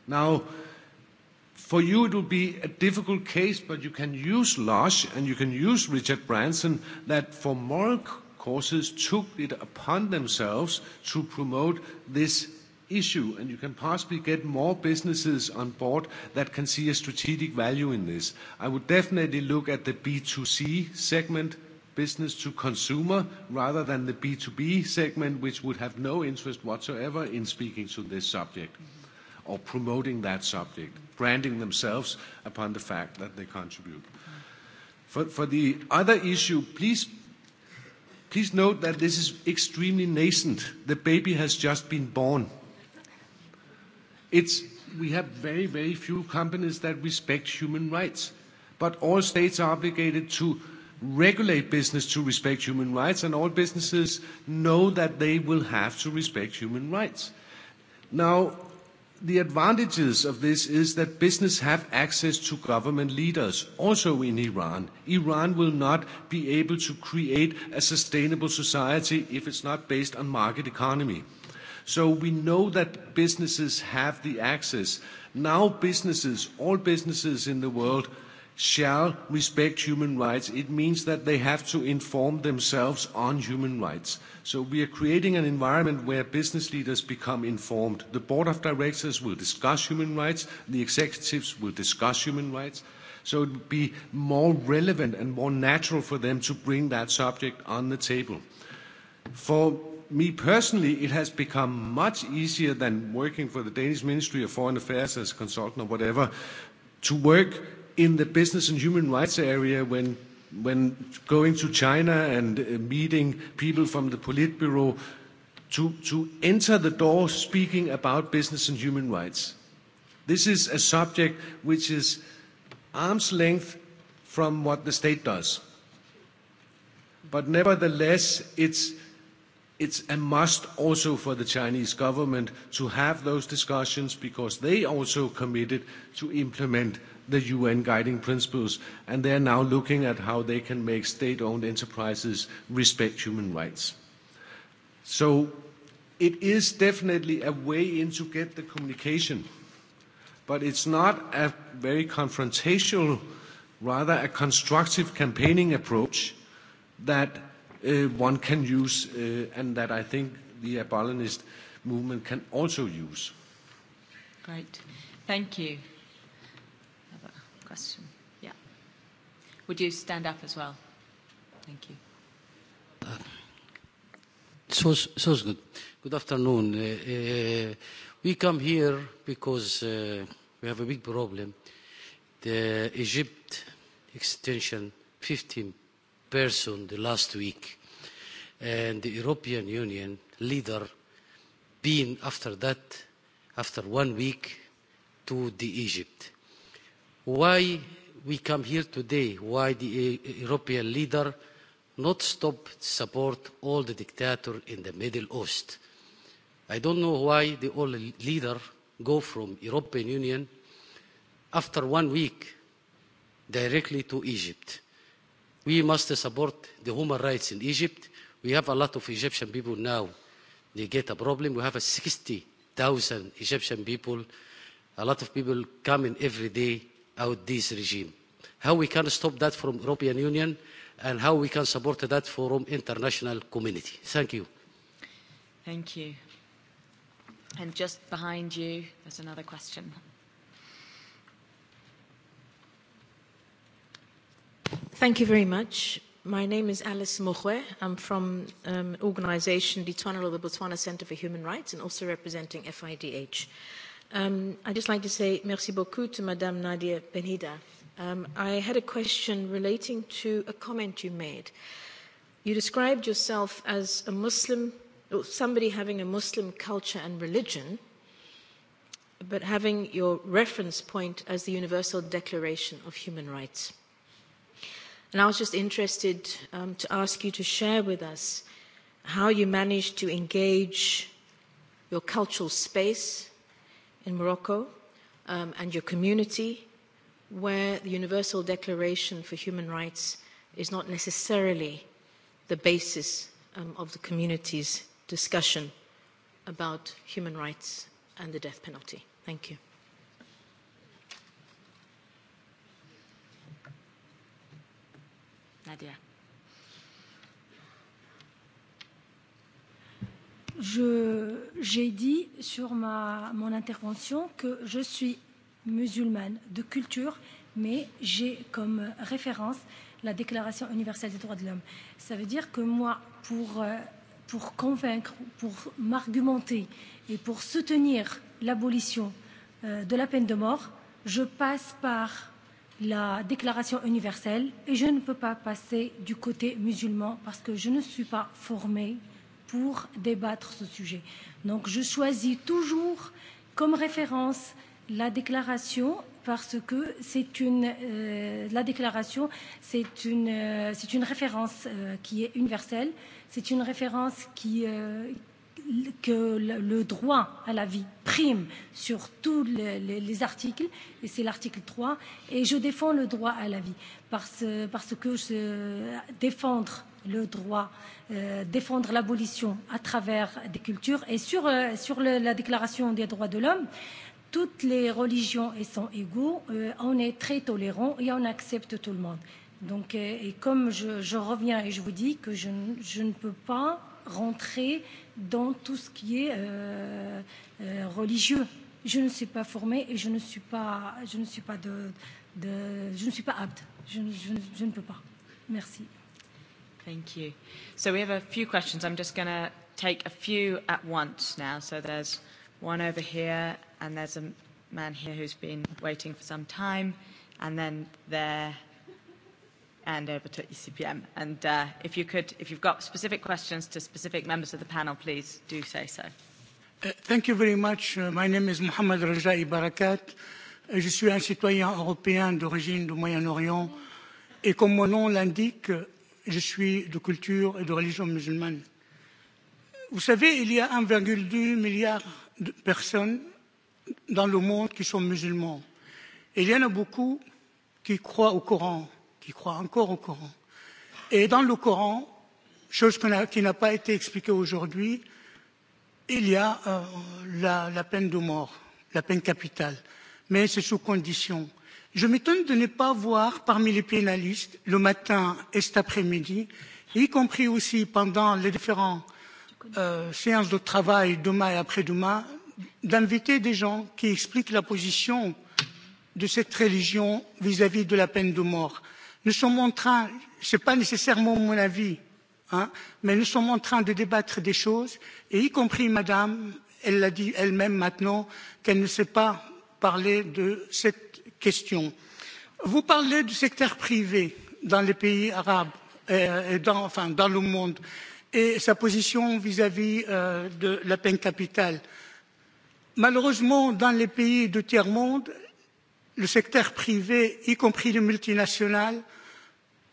Now, for you it will be a difficult case, but you can use Lush and you can use Richard Branson that for moral forces took it upon themselves to promote this issue and you can possibly get more businesses on board that can see a strategic value in this. I would definitely look at the B2C segment business to consumer rather than the B2B segment which would have no interest whatsoever in speaking to this subject or promoting that subject, branding themselves upon the fact that they contribute. For For the other issue, please Please note that this is extremely nascent. The baby has just been born. It's, we have very, very few companies that respect human rights, but all states are obligated to regulate business to respect human rights, and all businesses know that they will have to respect human rights. Now, The advantages of this is that business have access to government leaders, also in Iran. Iran will not be able to create a sustainable society if it's not based on market economy. So we know that businesses have the access. Now businesses, all businesses in the world shall respect human rights, it means that they have to inform themselves on human rights. So we are creating an environment where business leaders become informed. The board of directors will discuss human rights, the executives will discuss human rights. So it would be more relevant and more natural for them to bring that subject on the table. For me personally, it has become much easier than working for the Danish Ministry of Foreign Affairs as a consultant or whatever to work in the business and human rights area when when going to China and meeting people from the Politburo to enter the door speaking about business and human rights. This is a subject which is arm's length from what the state does. But nevertheless it's it's a must also for the Chinese government to have those discussions because they also committed to implement the UN guiding principles, and they are now looking at how they can make state-owned enterprises respect human rights. So it is definitely a way in to get the communication, but it's not a very confrontational, rather a constructive campaigning approach that one can use and that I think the abolitionist movement can also use. Great. Thank you question. Yeah. Would you stand up as well? Thank you. So so good. Good afternoon. we come here because we have a big problem. The Egypt extension, 15 person the last week, and the European Union leader been after that, after one week, to the Egypt why we come here today, why the European leader not stop support all the dictators in the Middle East. I don't know why the old leader go from European Union after one week directly to Egypt. We must support the human rights in Egypt. We have a lot of Egyptian people now. They get a problem. We have 60,000 Egyptian people. A lot of people coming every day out this regime. How we can stop that from European Union and how we can support that from international community. Thank you. Thank you. And just behind you, there's another question. Thank you very much. My name is Alice Mokwe. I'm from um organization, the of the Botswana Center for Human Rights, and also representing FIDH. Um, I'd just like to say merci beaucoup to Madame Nadia Benida. Um, I had a question relating to a comment you made. You described yourself as a Muslim, somebody having a Muslim culture and religion, but having your reference point as the Universal Declaration of Human Rights. And I was just interested um, to ask you to share with us how you managed to engage your cultural space in Morocco and your community, where the Universal Declaration for Human Rights is not necessarily the basis of the community's discussion about human rights and the death penalty. Thank you. Nadia. J'ai dit sur ma, mon intervention que je suis musulmane de culture, mais j'ai comme référence la Déclaration universelle des droits de l'homme. Ça veut dire que moi, pour, pour convaincre, pour m'argumenter et pour soutenir l'abolition de la peine de mort, je passe par la Déclaration universelle et je ne peux pas passer du côté musulman parce que je ne suis pas formée pour débattre ce sujet. Donc je choisis toujours comme référence la déclaration parce que c'est une la déclaration c'est une c'est une référence qui est universelle, c'est une référence qui que le droit à la vie prime sur tous les articles et c'est l'article 3 et je défends le droit à la vie parce parce que défendre le droit, défendre l'abolition à travers des cultures. Et sur la Déclaration des droits de l'homme, toutes les religions sont égaux, on est très tolérant et on accepte tout le monde. Donc, et comme je reviens et je vous dis que je ne peux pas rentrer dans tout ce qui est religieux. Je ne suis pas formée et je ne suis pas, je ne suis pas de, de je ne suis pas apte. je, je ne peux pas. Merci. Thank you. So we have a few questions. I'm just going to take a few at once now. So there's one over here, and there's a man here who's been waiting for some time, and then there, and over to ECPM. And uh, if you could, if you've got specific questions to specific members of the panel, please do say so. Thank you very much. My name is Mohamed Rajaï Barakat. Je suis un citoyen européen d'origine du Moyen-Orient. Et comme mon nom l'indique, je suis de culture et de religion musulmane. Vous savez, il y a 1,2 milliard de personnes dans le monde qui sont musulmans. Et il y en a beaucoup qui croient au Coran, qui croient encore au Coran. Et dans le Coran, chose qui n'a pas été expliquée aujourd'hui, il y a la peine de mort, la peine capitale. Mais c'est sous condition je m'étonne de ne pas voir parmi les pénalistes le matin et cet après midi y compris aussi pendant les différentes séances de travail demain et après demain d'inviter des gens qui expliquent la position de cette religion vis à vis de la peine de mort. nous sommes en train ce n'est pas nécessairement mon avis mais nous sommes en train de débattre des choses et y compris madame elle l'a dit elle même maintenant qu'elle ne sait pas parler de cette question. Vous parlez du secteur privé dans les pays arabes, et dans, enfin dans le monde, et sa position vis-à-vis de la peine capitale. Malheureusement, dans les pays du tiers-monde, le secteur privé, y compris les multinationales,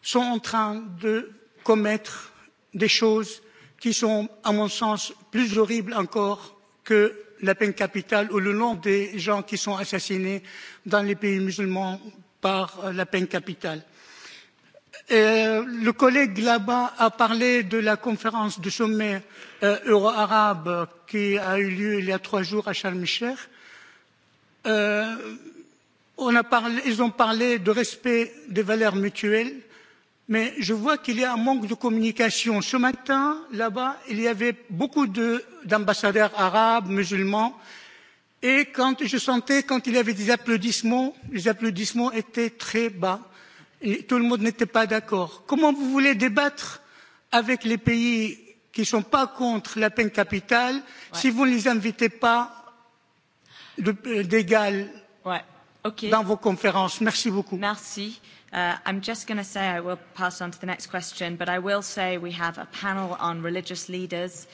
sont en train de commettre des choses qui sont, à mon sens, plus horribles encore que la peine capitale ou le nom des gens qui sont assassinés dans les pays musulmans par la peine capitale. Le collègue là-bas a parlé de la conférence du sommet euro-arabe qui a eu lieu il y a trois jours à Sharm el Ils ont parlé de respect des valeurs mutuelles mais je vois qu'il y a un manque de communication. ce matin là bas il y avait beaucoup d'ambassadeurs arabes musulmans et quand je sentais quand il y avait des applaudissements les applaudissements étaient très bas et tout le monde n'était pas d'accord. comment vous voulez débattre avec les pays qui ne sont pas contre la peine capitale si vous ne les invitez pas d'égal dans vos conférences? merci beaucoup. merci. I'm just going to say I will pass on to the next question, but I will say we have a panel on religious leaders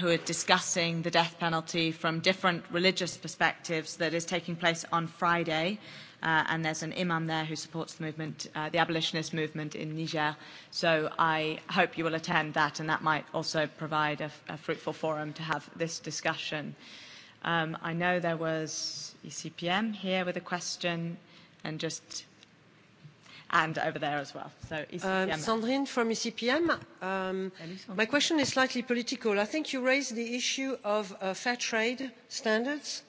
who are discussing the death penalty from different religious perspectives that is taking place on Friday. And there's an imam there who supports the movement, the abolitionist movement in Niger. So I hope you will attend that, and that might also provide a fruitful forum to have this discussion. I know there was ECPM here with a question, and just and over there as well. So Sandrine from ECPM. My question is slightly political. I think you raised the issue of fair trade standards.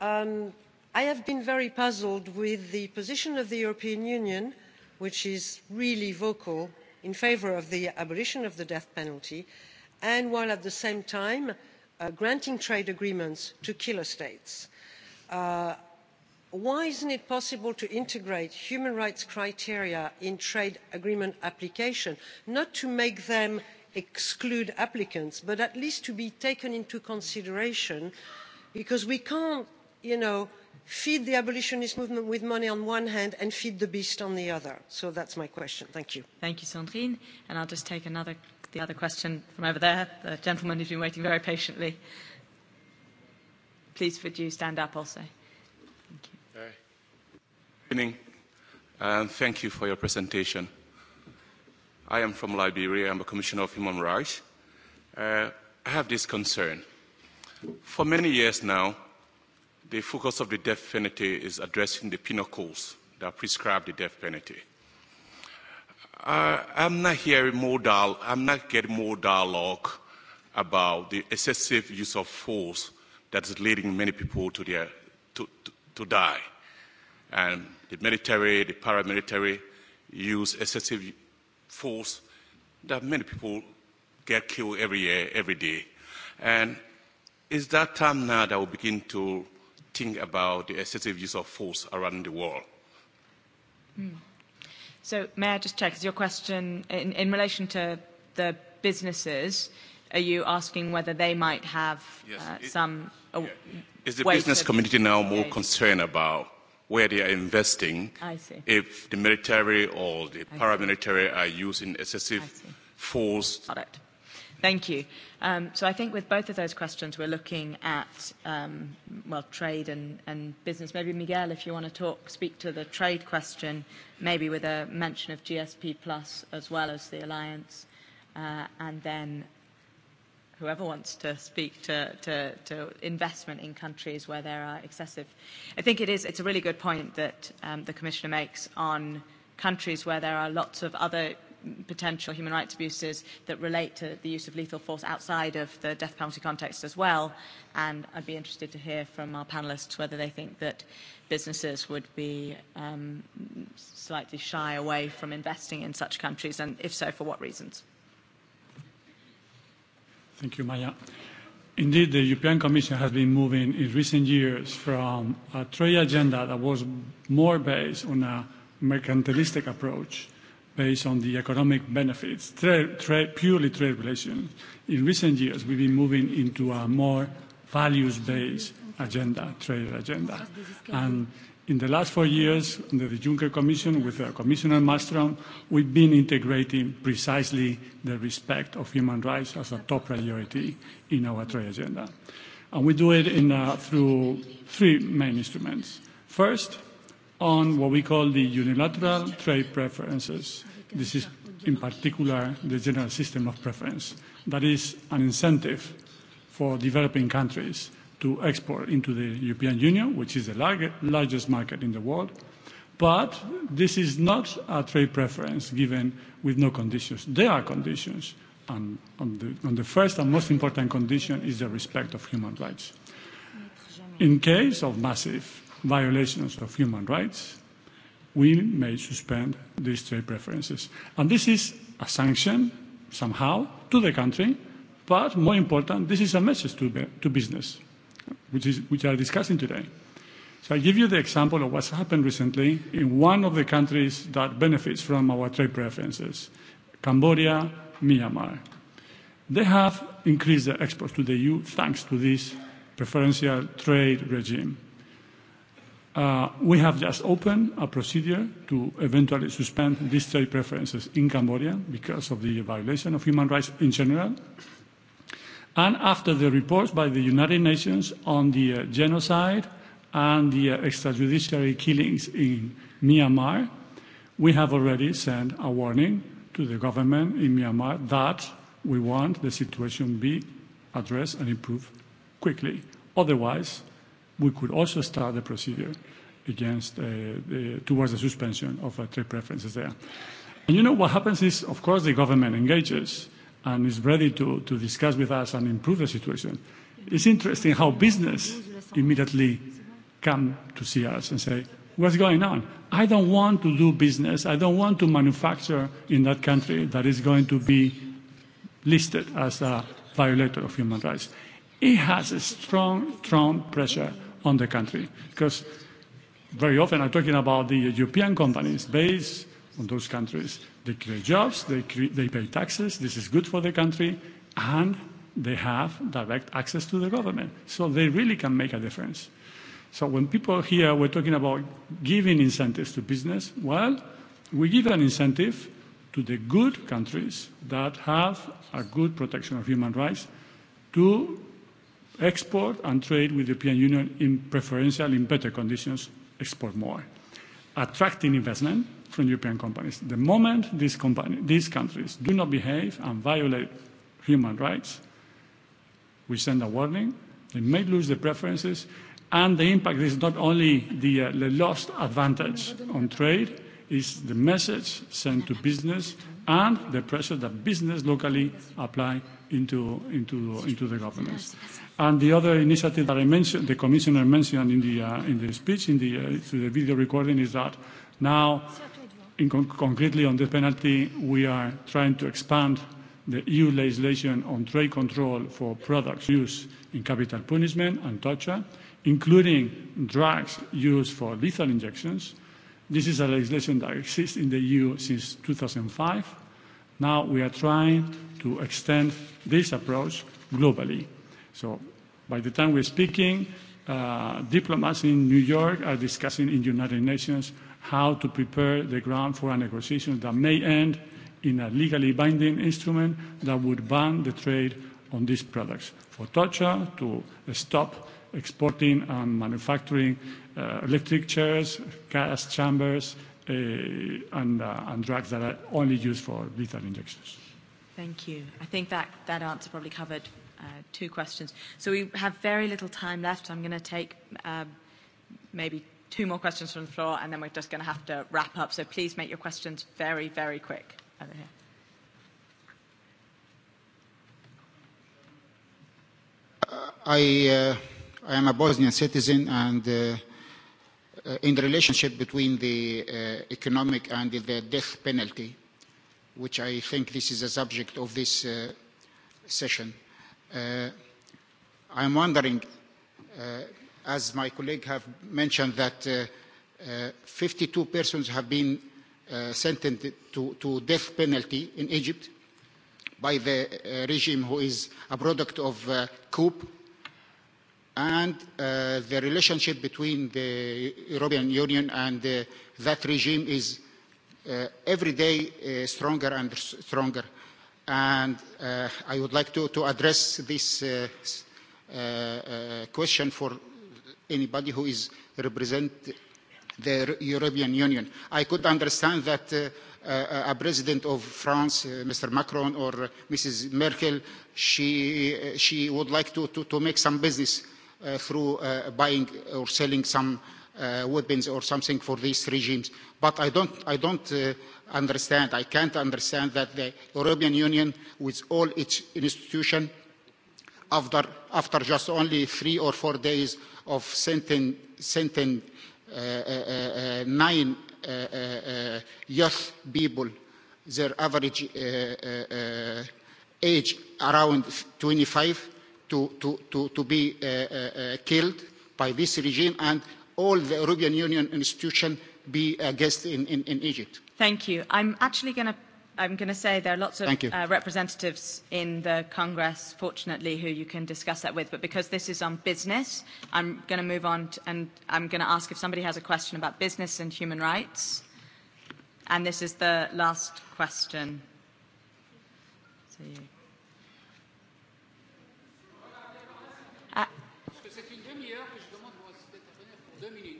I have been very puzzled with the position of the European Union, which is really vocal in favor of the abolition of the death penalty, and while at the same time granting trade agreements to killer states why isn't it possible to integrate human rights criteria in trade agreement application not to make them exclude applicants but at least to be taken into consideration because we can't you know, feed the abolitionist movement with money on one hand and feed the beast on the other. so that's my question. thank you. thank you sandrine and i'll just take the other question from over there the gentleman who's been waiting very patiently. please would you stand up also evening, and thank you for your presentation. I am from Liberia. I'm a commissioner of human rights. I have this concern. For many years now, the focus of the death penalty is addressing the pinnacles that prescribe the death penalty. I'm not hearing more dial I'm not getting more dialogue about the excessive use of force that is leading many people to their to to die and the military, the paramilitary use excessive force that many people get killed every year, every day. And it's that time now that we begin to think about the excessive use of force around the world. So may I just check, is your question in, in relation to the businesses, are you asking whether they might have some... Is the business community now more concerned about where they are investing if the military or the paramilitary are using excessive force. Thank you. Um, so I think with both of those questions, we're looking at, um, well, trade and, and business. Maybe, Miguel, if you want to talk, speak to the trade question, maybe with a mention of GSP Plus as well as the alliance, uh, and then whoever wants to speak to, to, to investment in countries where there are excessive. I think it is, it's a really good point that um, the Commissioner makes on countries where there are lots of other potential human rights abuses that relate to the use of lethal force outside of the death penalty context as well. And I'd be interested to hear from our panelists whether they think that businesses would be um, slightly shy away from investing in such countries, and if so, for what reasons. Thank you, Maya. Indeed, the European Commission has been moving in recent years from a trade agenda that was more based on a mercantilistic approach based on the economic benefits, purely trade relations. In recent years, we've been moving into a more values-based agenda, trade agenda. And In the last four years, under the Juncker Commission, with Commissioner Malmström, we've been integrating precisely the respect of human rights as a top priority in our trade agenda. And we do it through three main instruments. First, on what we call the unilateral trade preferences. This is, in particular, the general system of preference. That is an incentive for developing countries to export into the European Union, which is the largest market in the world. But this is not a trade preference given with no conditions. There are conditions, and on the first and most important condition is the respect of human rights. In case of massive violations of human rights, we may suspend these trade preferences. And this is a sanction, somehow, to the country, but more important, this is a message to business which, is, which are discussing today. So I give you the example of what's happened recently in one of the countries that benefits from our trade preferences, Cambodia, Myanmar. They have increased their exports to the EU thanks to this preferential trade regime. We have just opened a procedure to eventually suspend these trade preferences in Cambodia because of the violation of human rights in general and after the reports by the United Nations on the genocide and the extrajudiciary killings in Myanmar, we have already sent a warning to the government in Myanmar that we want the situation be addressed and improved quickly. Otherwise, we could also start the procedure against towards the suspension of trade preferences there. And you know what happens is, of course, the government engages and is ready to to discuss with us and improve the situation. It's interesting how business immediately come to see us and say, what's going on? I don't want to do business. I don't want to manufacture in that country that is going to be listed as a violator of human rights. It has a strong, strong pressure on the country because very often I'm talking about the European companies based on those countries. They create jobs, they they pay taxes, this is good for the country, and they have direct access to the government. So they really can make a difference. So when people here were talking about giving incentives to business, well, we give an incentive to the good countries that have a good protection of human rights to export and trade with the European Union in preferential, in better conditions, export more. Attracting investment, European companies. The moment these countries do not behave and violate human rights, we send a warning. They may lose the preferences, and the impact is not only the lost advantage on trade, is the message sent to business and the pressure that business locally apply into into into the governments. And the other initiative that I mentioned, the commissioner mentioned in the in the speech, in the the video recording, is that now Concretely, on this penalty, we are trying to expand the EU legislation on trade control for products used in capital punishment and torture, including drugs used for lethal injections. This is a legislation that exists in the EU since 2005. Now we are trying to extend this approach globally. So by the time we're speaking, diplomats in New York are discussing in the United Nations how to prepare the ground for a negotiation that may end in a legally binding instrument that would ban the trade on these products for torture, to stop exporting and manufacturing electric chairs, gas chambers, and drugs that are only used for lethal injections. Thank you. I think that that answer probably covered two questions. So we have very little time left. I'm going to take maybe two more questions from the floor, and then we're just going to have to wrap up. So please make your questions very, very quick over I I am a Bosnian citizen, and in the relationship between the economic and the death penalty, which I think this is a subject of this session, I am wondering as my colleague have mentioned, that 52 persons have been sentenced to death penalty in Egypt by the regime who is a product of coup. And the relationship between the European Union and that regime is every day stronger and stronger. And I would like to address this question for anybody who is represent the European Union. I could understand that a president of France, Mr. Macron or Mrs. Merkel, she she would like to to make some business through buying or selling some weapons or something for these regimes. But I don't I don't understand, I can't understand that the European Union, with all its institutions, after after just only three or four days of uh nine youth people, their average age around 25, to to to be killed by this regime and all the European Union institutions be against in in Egypt. Thank you. I'm actually going to I'm going to say there are lots of uh, representatives in the Congress, fortunately, who you can discuss that with. But because this is on business, I'm going to move on to, and I'm going to ask if somebody has a question about business and human rights. And this is the last question. So you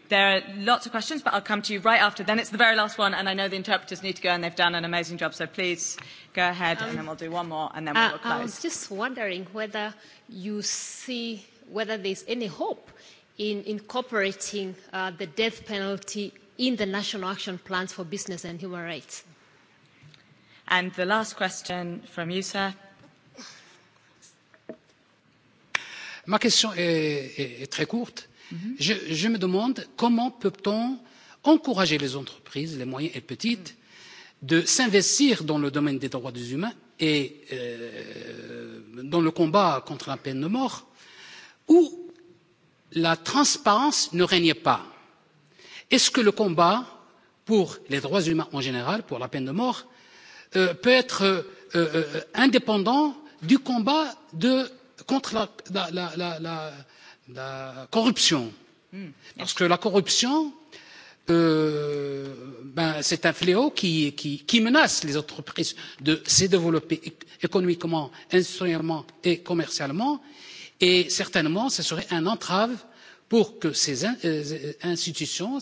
There are lots of questions, but I'll come to you right after. Then it's the very last one, and I know the interpreters need to go, and they've done an amazing job. So please go ahead, and then we'll do one more, and then we'll close. I was just wondering whether you see whether there's any hope in incorporating the death penalty in the national action plans for business and human rights. And the last question from you, sir. Ma question est très courte je me demande comment peut on encourager les entreprises les moyennes et petites de s'investir dans le domaine des droits des humains et dans le combat contre la peine de mort où la transparence ne règne pas. est ce que le combat pour les droits humains en général pour la peine de mort peut être indépendant du combat contre la la corruption. Parce que la corruption, c'est un fléau qui menace les entreprises de se développer économiquement, industriellement et commercialement. Et certainement, ce serait une entrave pour que ces institutions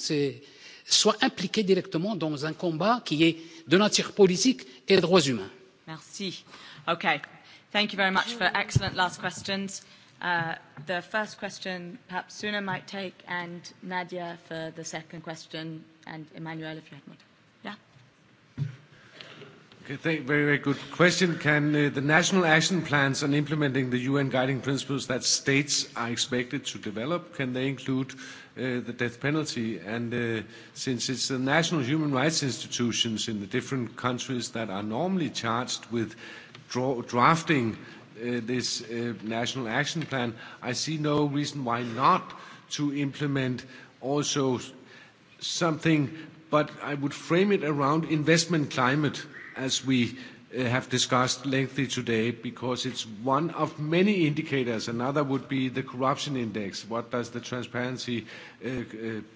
soient impliquées directement dans un combat qui est de nature politique et de droits humains. Merci. Thank you very much for excellent last questions. The first question, perhaps Suna might take, and Nadia for the second question, and Emmanuel, if you have more. Yeah. Okay, very, very good question. Can the national action plans on implementing the UN guiding principles that states are expected to develop, can they include the death penalty? And since it's the national human rights institutions in the different countries that are normally charged with drafting this national action plan, I see no reason why not to implement also something, but I would frame it around investment climate, as we have discussed lengthily today, because it's one of many indicators. Another would be the corruption index. What does the transparency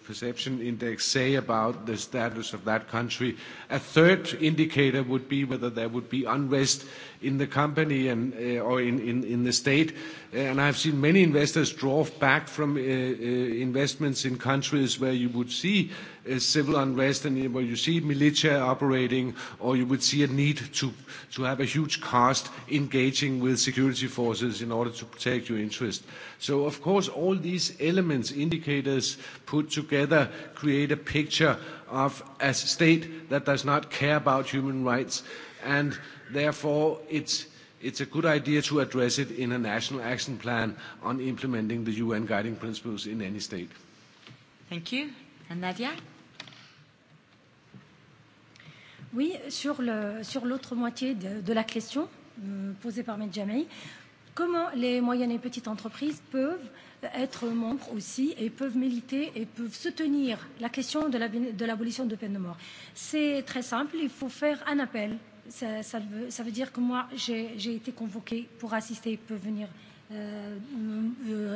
perception index say about the status of that country. A third indicator would be whether there would be unrest in the company and or in the state. And I've seen many investors draw back from investments in countries where you would see civil unrest and where you see militia operating, or you would see a need to to have a huge cost engaging with security forces in order to protect your interest. So, of course, all these elements, indicators put together create a picture of a state that does not care about human rights and therefore it's it's a good idea to address it in a national action plan on implementing the UN guiding principles in any state. Thank you. And Nadia? Oui, sur l'autre moitié de la question posée par Medjamei, comment les moyennes et petites entreprises peuvent être membres aussi et peuvent militer et peuvent soutenir la question de l'abolition de peine de mort. C'est très simple, il faut faire un appel. Ça veut dire que moi, j'ai été convoquée pour assister, pour venir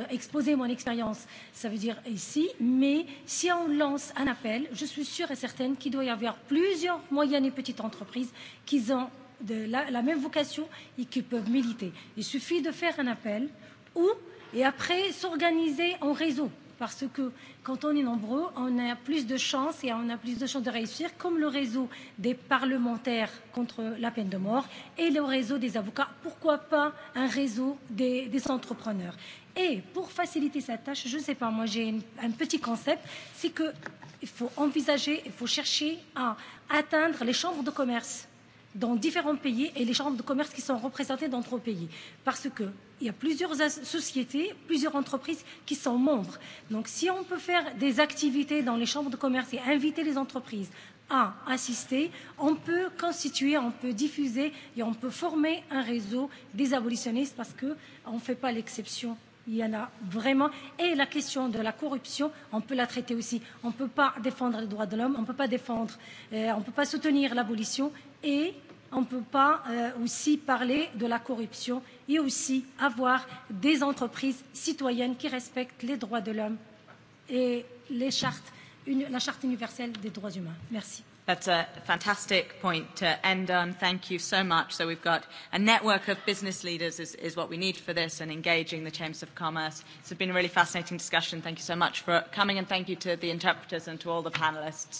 exposer mon expérience, ça veut dire ici, mais si on lance un appel, je suis sûre et certaine qu'il doit y avoir plusieurs moyennes et petites entreprises qui ont de la même vocation et qui peuvent militer. Il suffit de faire un appel ou et après s'organiser en réseau parce que quand on est nombreux, on a plus de chances et on a plus de chances de réussir, comme le réseau des parlementaires contre la peine de mort et le réseau des avocats, pourquoi pas un réseau des entrepreneurs. Et pour faciliter sa tâche, je ne sais pas, moi j'ai un petit concept, c'est qu'il faut envisager, il faut chercher à atteindre les chambres de commerce dans différents pays et les chambres de commerce qui sont représentées dans trois pays. Parce qu'il y a plusieurs sociétés, plusieurs entreprises qui sont membres. Donc si on peut faire des activités dans les chambres de commerce et inviter les entreprises à assister, on peut constituer, on peut diffuser et on peut former un réseau des abolitionnistes parce qu'on ne fait pas l'exception il y en a vraiment. Et la question de la corruption, on peut la traiter aussi. On ne peut pas défendre les droits de l'homme, on ne peut pas défendre, on ne peut pas soutenir l'abolition et on ne peut pas aussi parler de la corruption et aussi avoir des entreprises citoyennes qui respectent les droits de l'homme et les chartes, la Charte universelle des droits humains. Merci. That's a fantastic point to end on. Thank you so much. So we've got a network of business leaders is, is what we need for this and engaging the Chambers of Commerce. It's been a really fascinating discussion. Thank you so much for coming and thank you to the interpreters and to all the panelists.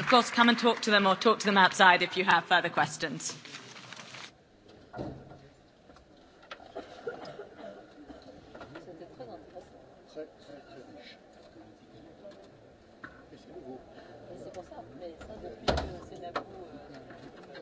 of course, come and talk to them or talk to them outside if you have further questions.